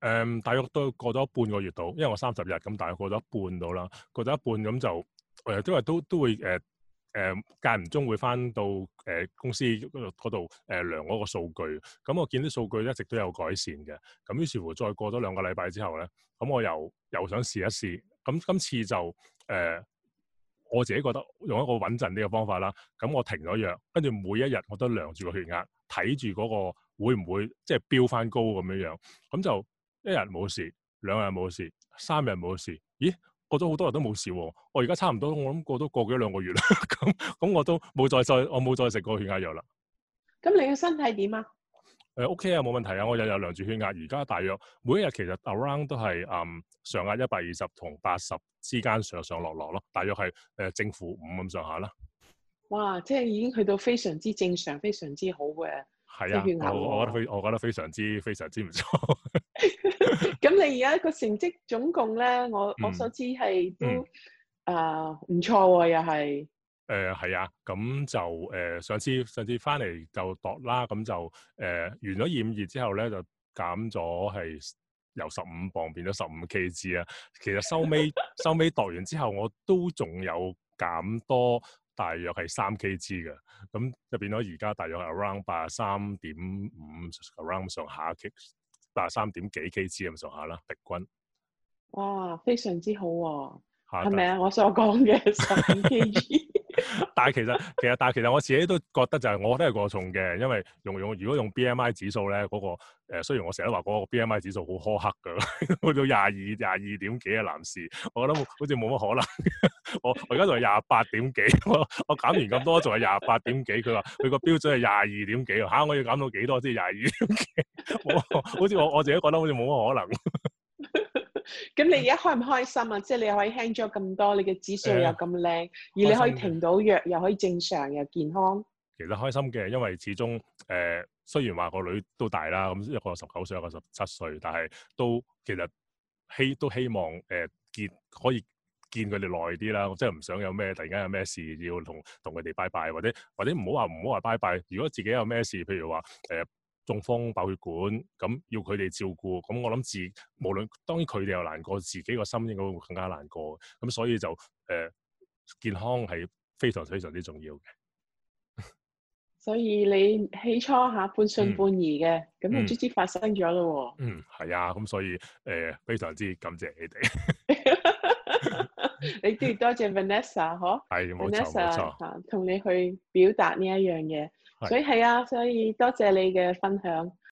嗯，大約都過咗半個月度，因為我三十日咁，大約過咗一半到啦。過咗一半咁就誒，都係都都會誒誒、呃、間唔中會返到誒、呃、公司嗰度度誒量嗰個數據。咁我見啲數據一直都有改善嘅。咁於是乎再過咗兩個禮拜之後咧，咁我又又想試一試。咁今次就誒。呃我自己覺得用一個穩陣啲嘅方法啦，咁我停咗藥，跟住每一日我都量住個血壓，睇住嗰個會唔會即係飆返高咁樣樣，咁就一日冇事，兩日冇事，三日冇事，咦過咗好多日都冇事喎，我而家差唔多我諗過咗個幾兩個月啦，咁 咁我都冇再我再我冇再食過血壓藥啦。咁你嘅身體點啊？誒，OK 啊，冇問題啊，我又有量住血壓，而家大約每一日其實 around 都係誒、嗯、上壓一百二十同八十之間上上落落咯，大約係誒、呃、正負五咁上下啦。哇！即係已經去到非常之正常、非常之好嘅。係啊血壓我，我覺得非我覺得非常之非常之唔錯。咁 你而家個成績總共咧，我、嗯、我所知係都、嗯呃、錯啊唔錯喎，又係。誒係、呃、啊，咁就誒上次上次翻嚟就度啦，咁就誒完咗二五二之後咧就減咗係由十五磅變咗十五 Kg 啊，其實收尾收尾度完之後， 後，後我都仲有減多大約係三 Kg 嘅，咁就變咗而家大約係 around 八十三點五 around 上下 K 八十三點幾 Kg 咁上下啦，平均。哇，非常之好、啊，係咪啊？我所講嘅十五 Kg。 但係其實其實但係其實我自己都覺得就係我覺得係過重嘅，因為用用如果用 B M I 指數咧，嗰、嗰個誒、呃、雖然我成日都話嗰個 B M I 指數好苛刻噶，去到廿二廿二點幾嘅男士，我覺得好似冇乜可能 我。我我而家仲係廿八點幾，我我減完咁多仲係廿八點幾，佢話佢個標準係廿二點幾啊，吓我要減到幾多先廿二點幾？ 好似我我自己覺得好似冇乜可能。 咁你而家開唔開心啊？嗯、即係你可以輕咗咁多，你嘅指數又咁靚，呃、而你可以停到藥，又可以正常又健康。其實開心嘅，因為始終誒、呃，雖然話個女都大啦，咁一個十九歲，一個十七歲，但係都其實希都希望誒、呃、見可以見佢哋耐啲啦。我真係唔想有咩突然間有咩事要同同佢哋拜拜，或者或者唔好話唔好話拜拜。如果自己有咩事，譬如話誒、呃中風、爆血管，咁要佢哋照顧，咁我諗自，無論當然佢哋又難過，自己個心應該會更加難過，咁所以就誒、呃，健康係非常非常之重要嘅。 所以你起初下半信半疑嘅，咁、嗯、就卒之發生咗咯嗯。嗯，係啊，咁所以誒、呃，非常之感謝你哋。 你都要多謝 Vanessa 嗬、 哎，係冇錯冇錯，同錯你去表達呢一樣嘢。所以係啊，所以多謝你嘅分享。